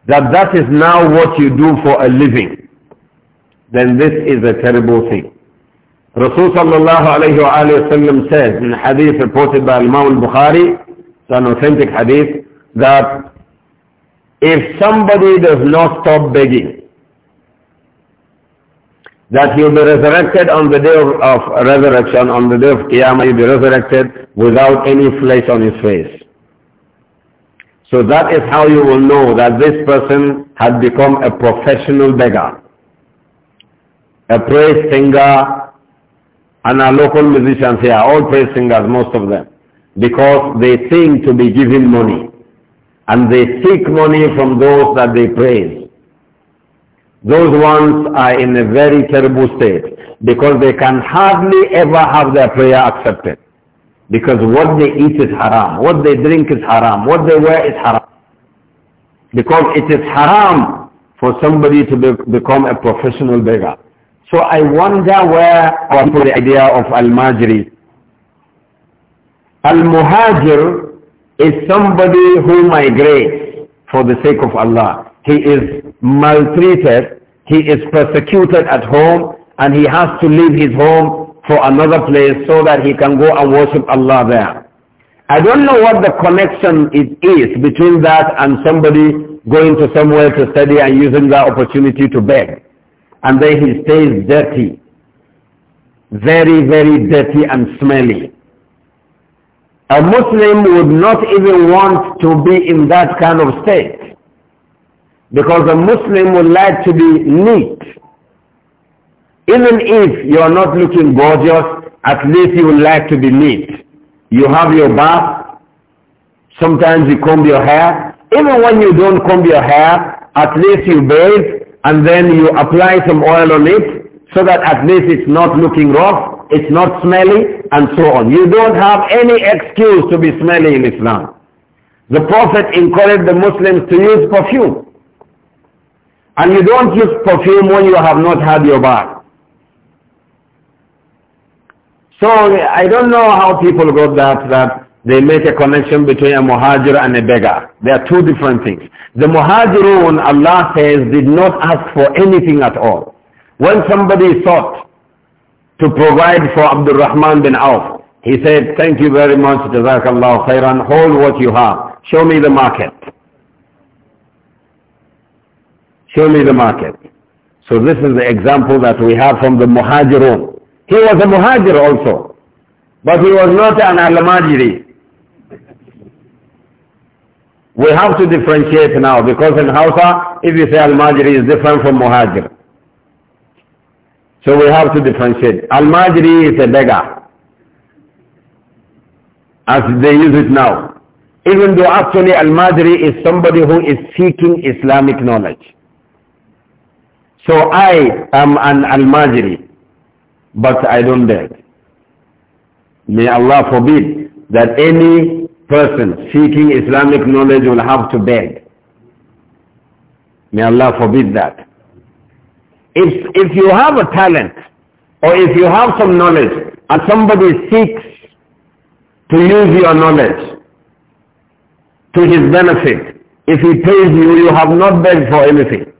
that that is now what you do for a living, then this is a terrible thing. Rasulullah sallallahu alayhi wa sallam says in hadith reported by Imam al-Bukhari, it's an authentic hadith that if somebody does not stop begging, that he'll be resurrected on the day of, of resurrection, on the day of Qiyamah, he'll be resurrected without any flesh on his face. So that is how you will know that this person had become a professional beggar, a praise singer, and a local musician. here, all praise singers, most of them because they seem to be given money and they seek money from those that they praise. Those ones are in a very terrible state because they can hardly ever have their prayer accepted because what they eat is haram, what they drink is haram, what they wear is haram. Because it is haram for somebody to be, become a professional beggar. So I wonder where the idea of al-majri Al-Muhajir is somebody who migrates for the sake of Allah. He is maltreated, he is persecuted at home, and he has to leave his home for another place so that he can go and worship Allah there. I don't know what the connection it is between that and somebody going to somewhere to study and using that opportunity to beg. And then he stays dirty. Very, very dirty and smelly. A Muslim would not even want to be in that kind of state because a Muslim would like to be neat. Even if you are not looking gorgeous, at least you would like to be neat. You have your bath, sometimes you comb your hair. Even when you don't comb your hair, at least you bathe and then you apply some oil on it so that at least it's not looking rough it's not smelly, and so on. You don't have any excuse to be smelly in Islam. The Prophet encouraged the Muslims to use perfume. And you don't use perfume when you have not had your bath. So I don't know how people got that, that they make a connection between a muhajir and a beggar. They are two different things. The muhajirun, Allah says, did not ask for anything at all. When somebody sought to provide for Abdul Rahman bin Auf. He said, thank you very much, Jazakallah khairan, hold what you have. Show me the market. Show me the market. So this is the example that we have from the Muhajirun. He was a Muhajir also, but he was not an Al-Majiri. We have to differentiate now because in Hausa, if you say Al-Majiri is different from Muhajir. So we have to differentiate. Al-Majri is a beggar, as they use it now. Even though actually Al-Majri is somebody who is seeking Islamic knowledge. So I am an Al-Majri, but I don't beg. May Allah forbid that any person seeking Islamic knowledge will have to beg. May Allah forbid that. If, if you have a talent or if you have some knowledge and somebody seeks to use your knowledge to his benefit, if he pays you, you have not begged for anything.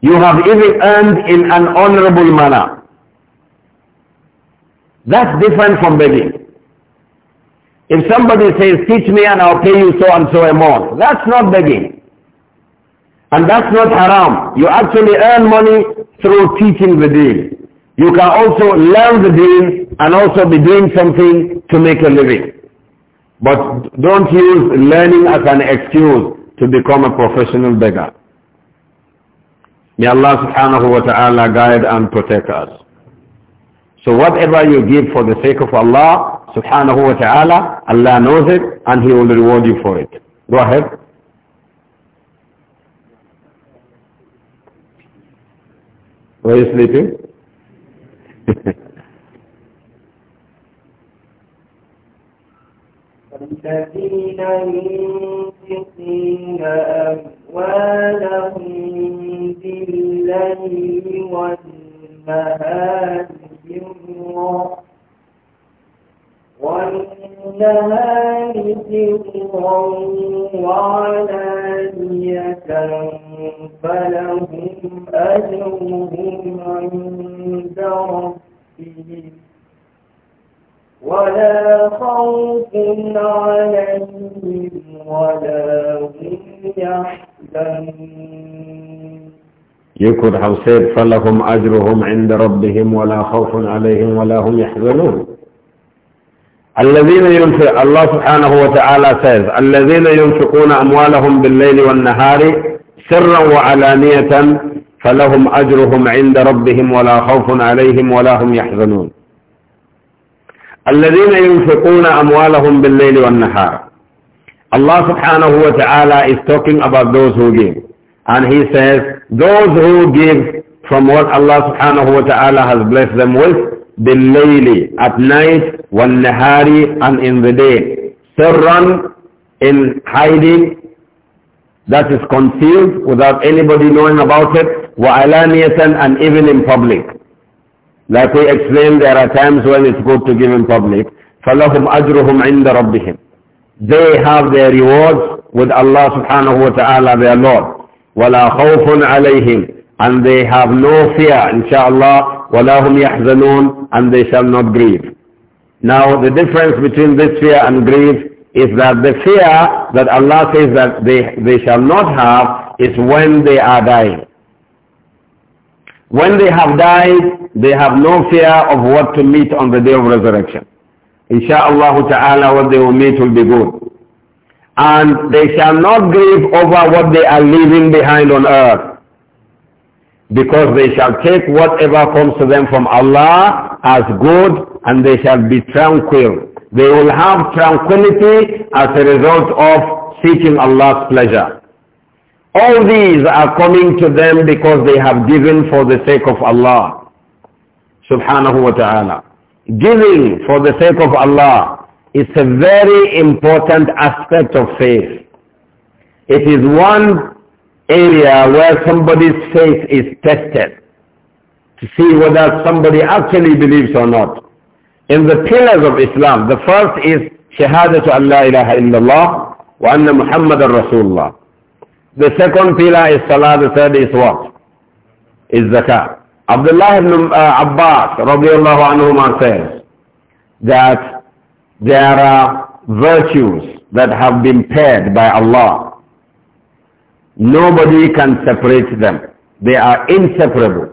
You have even earned in an honorable manner. That's different from begging. If somebody says, teach me and I'll pay you so and so amount," that's not begging. And that's not haram. You actually earn money through teaching the deen. You can also learn the deen and also be doing something to make a living. But don't use learning as an excuse to become a professional beggar. May Allah subhanahu wa ta'ala guide and protect us. So whatever you give for the sake of Allah subhanahu wa ta'ala, Allah knows it and He will reward you for it. Go ahead. Were you sleeping? [LAUGHS] الذين You could have said, فَلَهُمْ أَجْرُهُمْ عِنْدَ رَبِّهِمْ وَلَا خَوْفٌ عَلَيْهِمْ وَلَا هُمْ يَحْزَنُونَ الذين ينفق الله سبحانه وتعالى says الذين ينفقون أموالهم بالليل والنهار سرا وعلانية فلهم أجرهم عند ربهم ولا خوف عليهم ولا هم يحزنون الذين ينفقون أموالهم بالليل والنهار Allah سبحانه وتعالى is talking about those who give. And he says, those who give from what Allah subhanahu wa ta'ala has blessed them with, بالليل, at night, والنهار, and in the day. Sirran, in hiding, that is concealed without anybody knowing about it, وعلانية, and even in public. Like we explained, there are times when it's good to give in public. فَلَهُمْ أَجْرُهُمْ عِنْدَ رَبِّهِمْ They have their rewards with Allah subhanahu wa ta'ala, their Lord. وَلَا خَوْفٌ عَلَيْهِمْ And they have no fear, inshallah, وَلَا هُمْ يَحْزَنُونَ And they shall not grieve. Now, the difference between this fear and grief is that the fear that Allah says that they, they shall not have is when they are dying. When they have died, they have no fear of what to meet on the day of resurrection. Insha'Allah ta'ala what they will meet will be good and they shall not grieve over what they are leaving behind on earth, because they shall take whatever comes to them from Allah as good, and they shall be tranquil. They will have tranquility as a result of seeking Allah's pleasure. All these are coming to them because they have given for the sake of Allah. Subhanahu wa ta'ala. Giving for the sake of Allah it's a very important aspect of faith. It is one area where somebody's faith is tested to see whether somebody actually believes or not. In the pillars of Islam, the first is Shahada: Shahadatu Allah ilaha illallah wa anna Muhammad Rasulullah. The second pillar is Salah, the third is what? Is Zakah. Abdullah ibn uh, Abbas radiallahu Anhu, says that there are virtues that have been paired by Allah. Nobody can separate them. They are inseparable.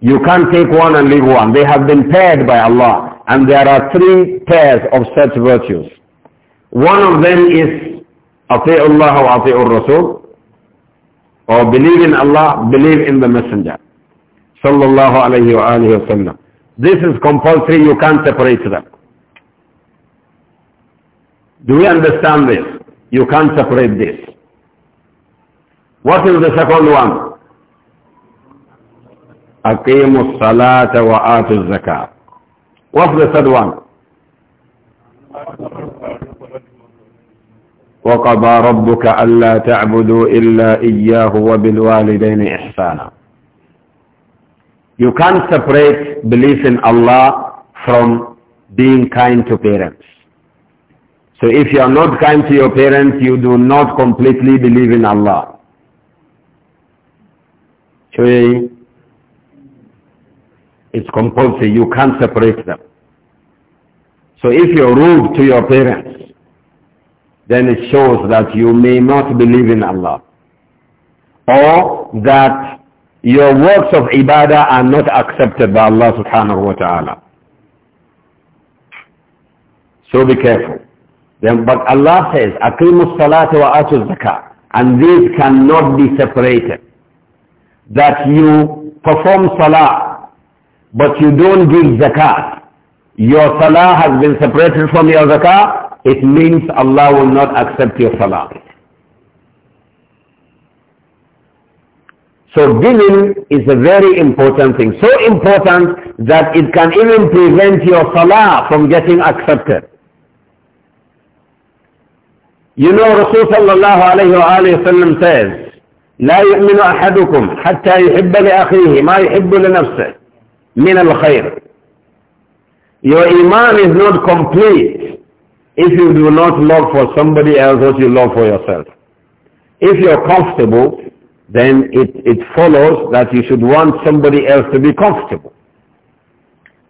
You can't take one and leave one. They have been paired by Allah. And there are three pairs of such virtues. One of them is Ati'ullah wa Ati'ur Rasul or believe in Allah, believe in the Messenger. Sallallahu alayhi wa This is compulsory, you can't separate them. Do we understand this? You can't separate this. What is the second one? أقيموا الصلاة وآتوا الزكاة. What's the third one? وقضى ربك ألا تعبدوا إلا إياه وبالوالدين إحسانا. You can't separate belief in Allah from being kind to parents. So if you are not kind to your parents, you do not completely believe in Allah. See? it's compulsory. You can't separate them. So if you're rude to your parents, then it shows that you may not believe in Allah. Or that your works of ibadah are not accepted by Allah subhanahu wa ta'ala. So be careful. Then, but Allah says, salat wa وَآتُوا zakah," And these cannot be separated. That you perform salah, but you don't give zakat. Your salah has been separated from your zakah. It means Allah will not accept your salah. So giving is a very important thing. So important that it can even prevent your salah from getting accepted. You know Rasul sallallahu alayhi wa alayhi wa sallam says, لا يؤمن أحدكم حتى يحب لأخيه ما يحب لنفسه من الخير. Your iman is not complete if you do not love for somebody else what you love for yourself. If you're comfortable, then it, it follows that you should want somebody else to be comfortable.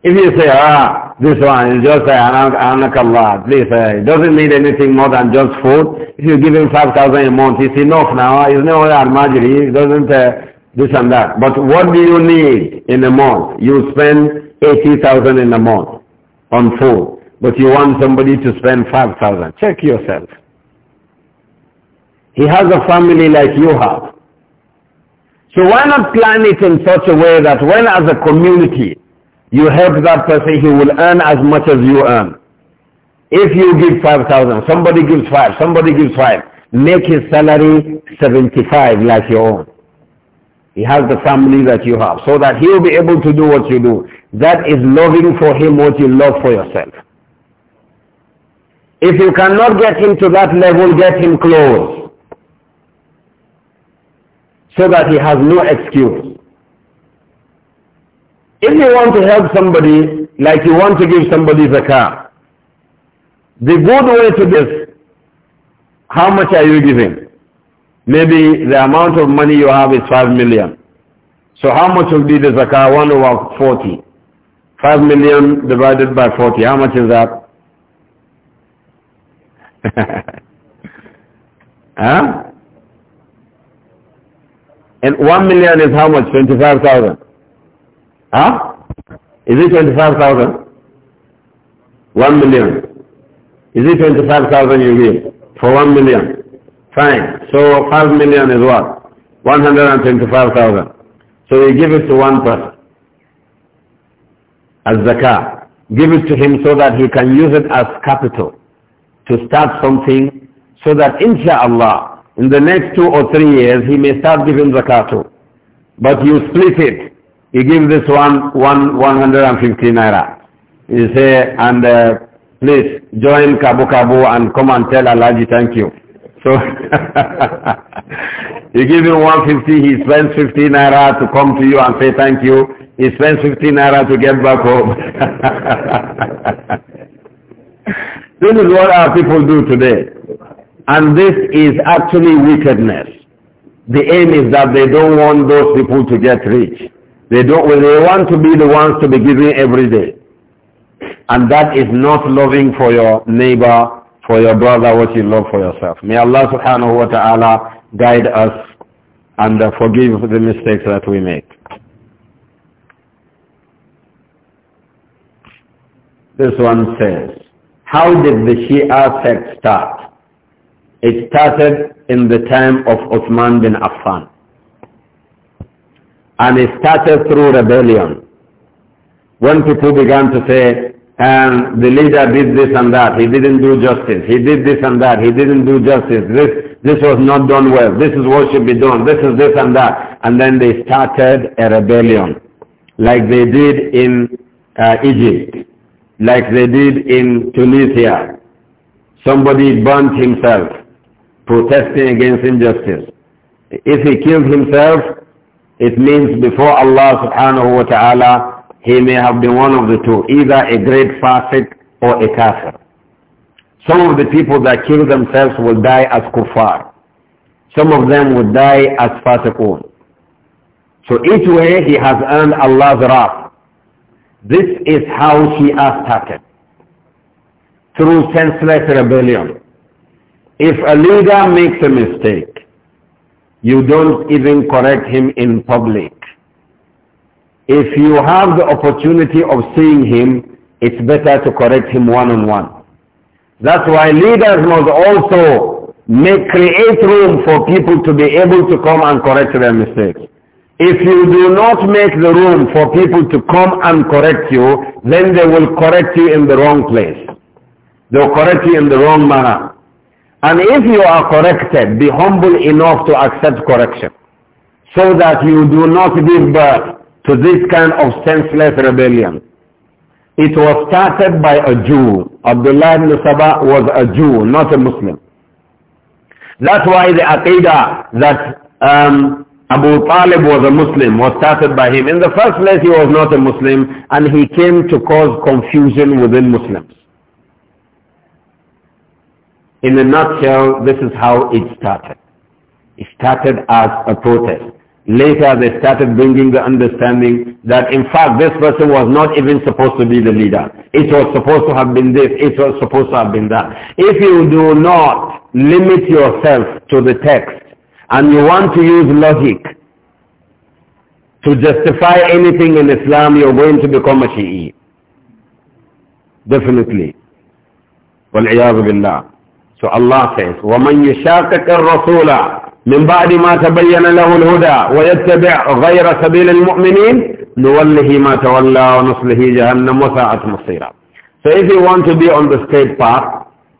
If you say, ah, this one is just anakallah, please, uh, doesn't need anything more than just food. If you give him 5,000 a month, it's enough now. It's no al-majri, it doesn't uh, this and that. But what do you need in a month? You spend 80,000 in a month on food, but you want somebody to spend 5,000. Check yourself. He has a family like you have. So why not plan it in such a way that when as a community you help that person, he will earn as much as you earn. If you give 5,000, somebody gives 5, somebody gives 5, make his salary 75 like your own. He has the family that you have so that he will be able to do what you do. That is loving for him what you love for yourself. If you cannot get him to that level, get him close so that he has no excuse. If you want to help somebody, like you want to give somebody car, the good way to this, how much are you giving? Maybe the amount of money you have is 5 million. So how much will be the zakah? 1 over 40. 5 million divided by 40. How much is that? [LAUGHS] huh? And 1 million is how much? 25,000. Huh? Is it 25,000? 1 million. Is it 25,000 you give for 1 million? Fine. So 5 million is what? 125,000. So you give it to one person as zakah. Give it to him so that he can use it as capital to start something so that inshallah in the next two or three years he may start giving zakah too. But you split it he gives this one, one 150 naira. He say, and uh, please join Kabu Kabu and come and tell Alaji thank you. So [LAUGHS] he give him 150, he spends 50 naira to come to you and say thank you. He spends 50 naira to get back home. [LAUGHS] this is what our people do today. And this is actually wickedness. The aim is that they don't want those people to get rich. They don't they want to be the ones to be giving every day. And that is not loving for your neighbor, for your brother, what you love for yourself. May Allah subhanahu wa ta'ala guide us and uh, forgive the mistakes that we make. This one says, how did the Shia sect start? It started in the time of Uthman bin Affan. And it started through rebellion. When people began to say, and um, the leader did this and that, he didn't do justice, he did this and that, he didn't do justice, this, this was not done well, this is what should be done, this is this and that. And then they started a rebellion, like they did in uh, Egypt, like they did in Tunisia. Somebody burnt himself protesting against injustice. If he killed himself, it means before Allah subhanahu wa ta'ala, he may have been one of the two, either a great fasiq or a kafir. Some of the people that kill themselves will die as kuffar. Some of them will die as fasiqun. So each way he has earned Allah's wrath. This is how he has started. Through senseless rebellion. If a leader makes a mistake, you don't even correct him in public. If you have the opportunity of seeing him, it's better to correct him one-on-one. -on -one. That's why leaders must also make, create room for people to be able to come and correct their mistakes. If you do not make the room for people to come and correct you, then they will correct you in the wrong place. They'll correct you in the wrong manner. And if you are corrected, be humble enough to accept correction so that you do not give birth to this kind of senseless rebellion. It was started by a Jew. Abdullah ibn Sabah was a Jew, not a Muslim. That's why the Aqidah that um, Abu Talib was a Muslim was started by him. In the first place, he was not a Muslim and he came to cause confusion within Muslims. In a nutshell, this is how it started. It started as a protest. Later they started bringing the understanding that in fact this person was not even supposed to be the leader. It was supposed to have been this, it was supposed to have been that. If you do not limit yourself to the text and you want to use logic to justify anything in Islam, you're going to become a Shi'i. Definitely. وَالْعِيَاذُ بِاللَّهِ so Allah says, وَمَنْ يُشَاقِقِ الرَّسُولَ من بعد ما تبين له الهدى ويتبع غير سبيل المؤمنين نوله ما تولى ونصله جهنم وساءت مصيرا So if you want to be on the straight path,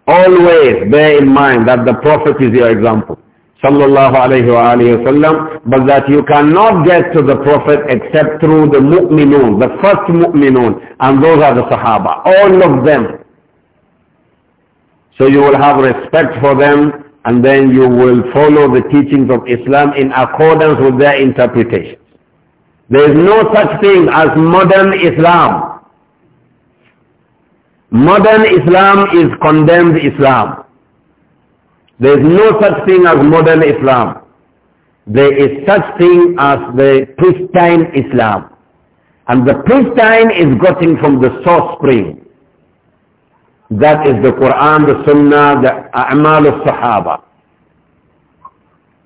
always bear in mind that the Prophet is your example. Sallallahu alayhi wa alayhi wa sallam. But that you cannot get to the Prophet except through the mu'minun, the first mu'minun. And those are the Sahaba. All of them. So you will have respect for them and then you will follow the teachings of Islam in accordance with their interpretations. There is no such thing as modern Islam. Modern Islam is condemned Islam. There is no such thing as modern Islam. There is such thing as the pristine Islam. And the pristine is gotten from the source spring. That is the Quran, the Sunnah, the A'mal of Sahaba.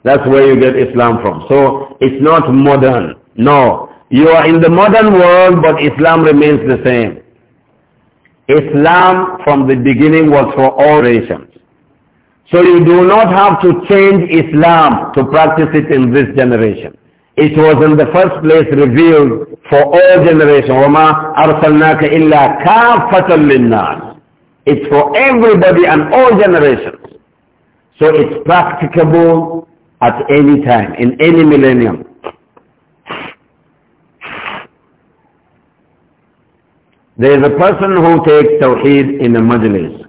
That's where you get Islam from. So it's not modern. No. You are in the modern world, but Islam remains the same. Islam from the beginning was for all nations. So you do not have to change Islam to practice it in this generation. It was in the first place revealed for all generations. وَمَا أَرْسَلْنَاكَ إِلَّا كَافَةً لِلنَّاسِ it's for everybody and all generations. So it's practicable at any time, in any millennium. There is a person who takes Tawheed in a majlis,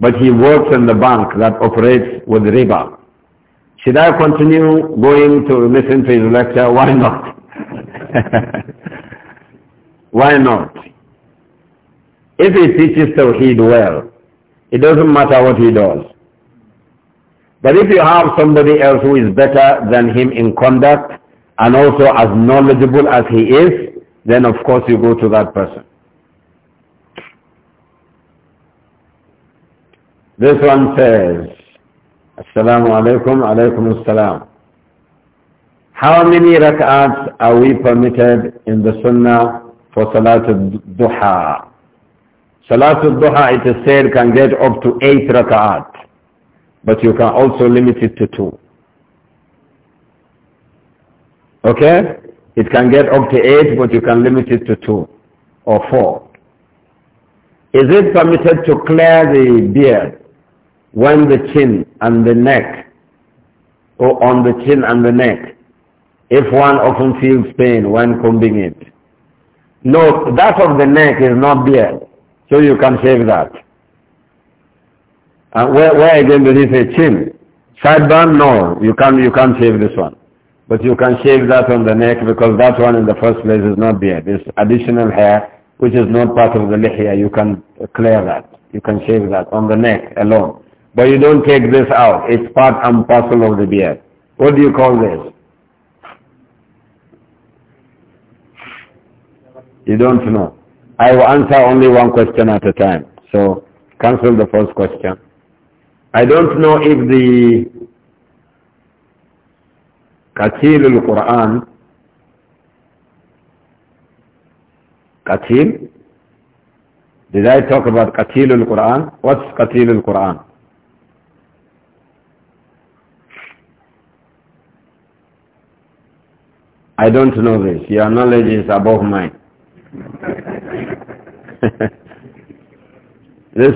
but he works in the bank that operates with riba. Should I continue going to listen to his lecture? Why not? [LAUGHS] Why not? If he teaches Tawheed well, it doesn't matter what he does. But if you have somebody else who is better than him in conduct and also as knowledgeable as he is, then of course you go to that person. This one says, Assalamu alaikum, alaikum assalam. How many rak'ats are we permitted in the sunnah for al Duha? Salatul Duha, it is said, can get up to eight rak'at, but you can also limit it to two. Okay? It can get up to eight, but you can limit it to two or four. Is it permitted to clear the beard when the chin and the neck, or on the chin and the neck, if one often feels pain when combing it? No, that of the neck is not beard. So you can save that. And where, where again did he say chin? Sideburn? No, you can't, you can't shave this one. But you can shave that on the neck because that one in the first place is not beard. It's additional hair which is not part of the lihya. You can clear that. You can shave that on the neck alone. But you don't take this out. It's part and parcel of the beard. What do you call this? You don't know. I will answer only one question at a time. So cancel the first question. I don't know if the Katil al-Quran Katil? Did I talk about Katil al-Quran? What's Katil al-Quran? I don't know this. Your knowledge is above mine. [LAUGHS] this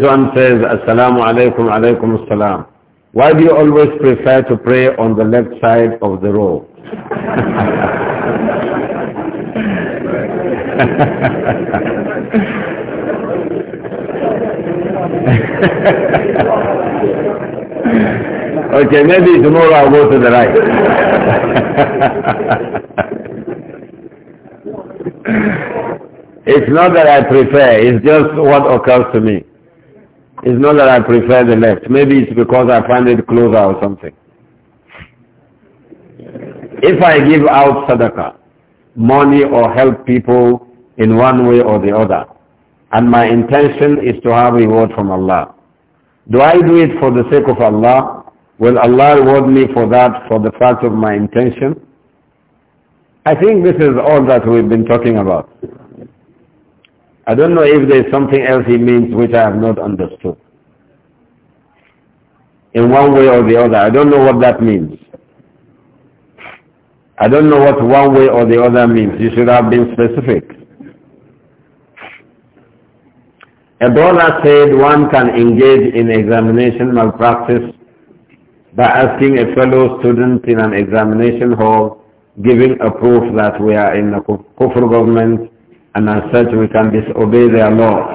one says, Assalamu alaikum alaikum assalam. Why do you always prefer to pray on the left side of the row? [LAUGHS] okay, maybe tomorrow I'll go to the right. [LAUGHS] It's not that I prefer, it's just what occurs to me. It's not that I prefer the left. Maybe it's because I find it closer or something. If I give out sadaqah, money or help people in one way or the other, and my intention is to have reward from Allah, do I do it for the sake of Allah? Will Allah reward me for that, for the fact of my intention? I think this is all that we've been talking about. I don't know if there is something else he means which I have not understood. In one way or the other. I don't know what that means. I don't know what one way or the other means. You should have been specific. A brother said one can engage in examination malpractice by asking a fellow student in an examination hall, giving a proof that we are in a kufr government and as such we can disobey their law.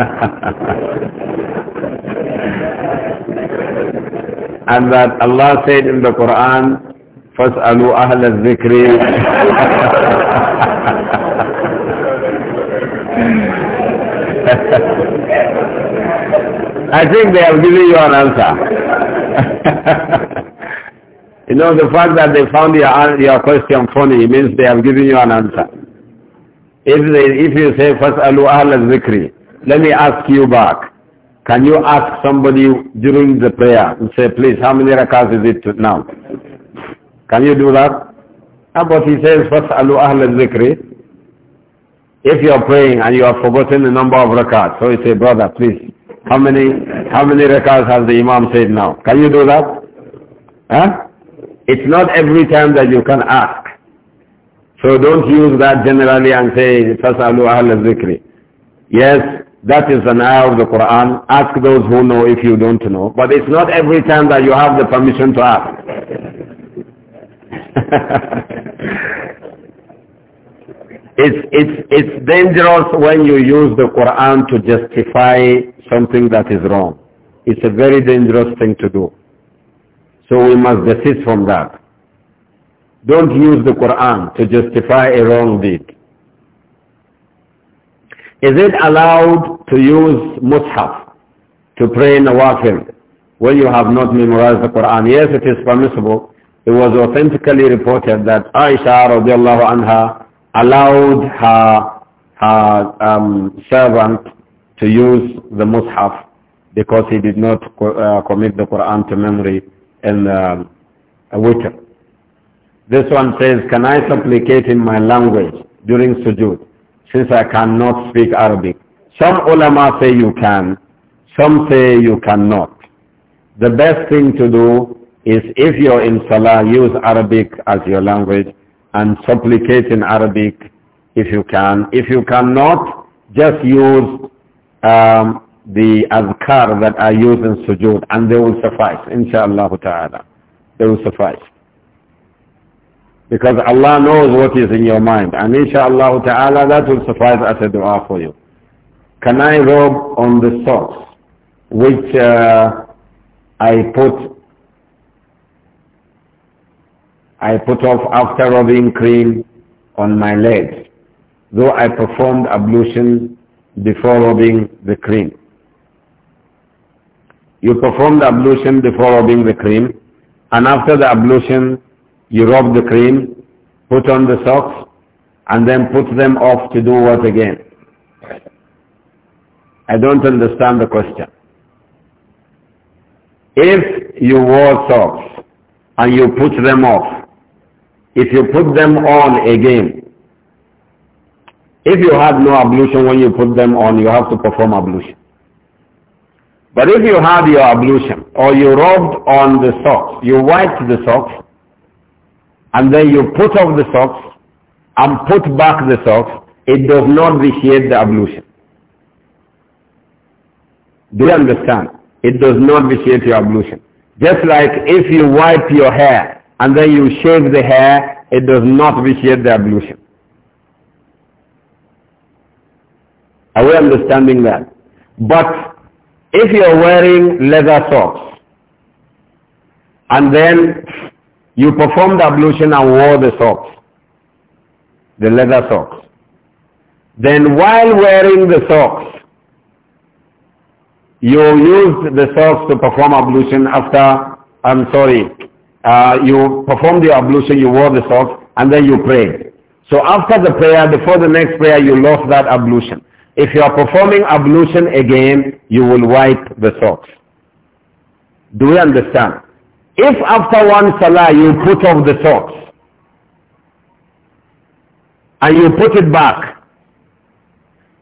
[LAUGHS] and that Allah said in the Quran, فَاسْأَلُوا أَهْلَ الذِّكْرِ I think they have given you an answer. [LAUGHS] You know, the fact that they found your, your question funny means they have given you an answer. If, they, if you say, فَاسْأَلُوا أَهْلَ الذِّكْرِ Let me ask you back. Can you ask somebody during the prayer and say, please, how many rakats is it now? Can you do that? Ah, but he says, فَاسْأَلُوا أَهْلَ الذِّكْرِ If you are praying and you have forgotten the number of rakats, so you say, brother, please, how many, how many rakats has the Imam said now? Can you do that? Huh? It's not every time that you can ask. So don't use that generally and say, فَسَأَلُوا أَهْلَ الذِّكْرِ Yes, that is an ayah of the Quran. Ask those who know if you don't know. But it's not every time that you have the permission to ask. [LAUGHS] it's, it's, it's dangerous when you use the Quran to justify something that is wrong. It's a very dangerous thing to do. So we must desist from that. Don't use the Quran to justify a wrong deed. Is it allowed to use mushaf to pray in nawafil when you have not memorized the Quran? Yes, it is permissible. It was authentically reported that Aisha radiallahu anha allowed her, her um, servant to use the mushaf because he did not uh, commit the Quran to memory and uh, um, witr. This one says, can I supplicate in my language during sujood since I cannot speak Arabic? Some ulama say you can, some say you cannot. The best thing to do is if you're in salah, use Arabic as your language and supplicate in Arabic if you can. If you cannot, just use um, the azkar that are used in sujood and they will suffice, insha'Allah ta'ala. They will suffice. Because Allah knows what is in your mind and insha'Allah ta'ala that will suffice as a dua for you. Can I rub on the socks which uh, I put I put off after rubbing cream on my legs, though I performed ablution before rubbing the cream. You perform the ablution before rubbing the cream, and after the ablution, you rub the cream, put on the socks, and then put them off to do what again? I don't understand the question. If you wore socks and you put them off, if you put them on again, if you had no ablution when you put them on, you have to perform ablution. But if you had your ablution or you rubbed on the socks, you wiped the socks and then you put off the socks and put back the socks, it does not vitiate the ablution. Do you understand? It does not vitiate your ablution. Just like if you wipe your hair and then you shave the hair, it does not vitiate the ablution. Are we understanding that? But if you're wearing leather socks and then you perform the ablution and wore the socks, the leather socks, then while wearing the socks, you used the socks to perform ablution after, I'm sorry, uh, you perform the ablution, you wore the socks, and then you prayed. So after the prayer, before the next prayer, you lost that ablution. If you are performing ablution again, you will wipe the socks. Do we understand? If after one salah you put off the socks and you put it back,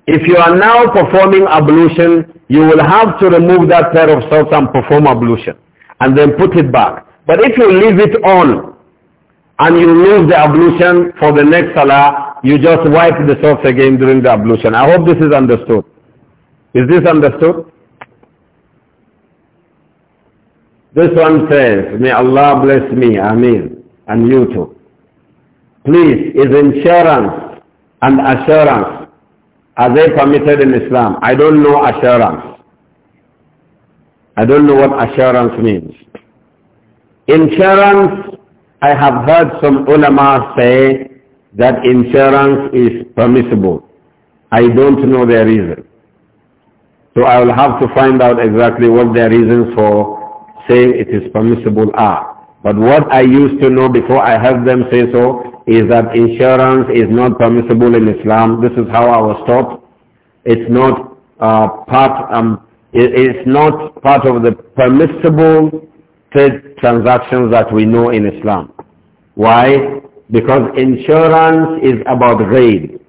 if you are now performing ablution, you will have to remove that pair of socks and perform ablution and then put it back. But if you leave it on and you lose the ablution for the next salah, you just wipe the socks again during the ablution. I hope this is understood. Is this understood? This one says, may Allah bless me, Amin, and you too. Please, is insurance and assurance, are they permitted in Islam? I don't know assurance. I don't know what assurance means. Insurance, I have heard some ulama say, that insurance is permissible. I don't know their reason. So I will have to find out exactly what their reasons for saying it is permissible are. But what I used to know before I heard them say so is that insurance is not permissible in Islam. This is how I was taught. It's not uh, part um, it, it's not part of the permissible trade transactions that we know in Islam. Why? Because insurance is about rain.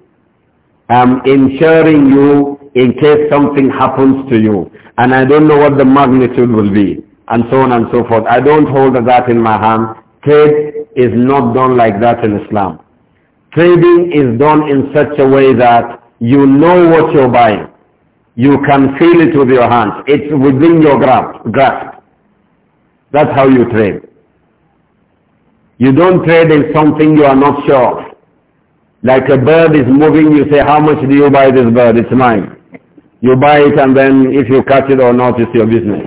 I'm insuring you in case something happens to you. And I don't know what the magnitude will be. And so on and so forth. I don't hold that in my hand. Trade is not done like that in Islam. Trading is done in such a way that you know what you're buying. You can feel it with your hands. It's within your grasp. grasp. That's how you trade. You don't trade in something you are not sure of. Like a bird is moving, you say, how much do you buy this bird? It's mine. You buy it and then if you catch it or not, it's your business.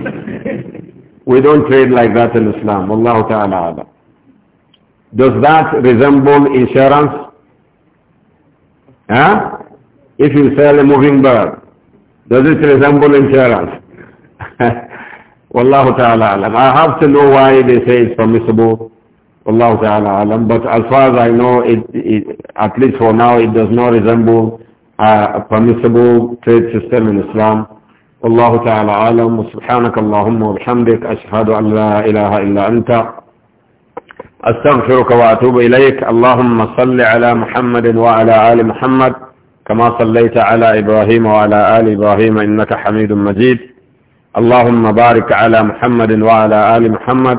[LAUGHS] we don't trade like that in Islam. Allah Ta'ala. Does that resemble insurance? Huh? If you sell a moving bird, does it resemble insurance? [LAUGHS] Wallahu ta'ala alam. I have to know why they say it's permissible Allah Ta'ala alam. But as far as I know, at least for now, it does not resemble a permissible trade system in Islam. Allah Ta'ala alam. Subhanak Allahumma wa bihamdik. Ashhadu an la ilaha illa anta. أستغفرك وأتوب إليك اللهم صل على محمد وعلى آل محمد كما صليت على إبراهيم وعلى آل إبراهيم إنك حميد مجيد اللهم بارك على محمد وعلى آل محمد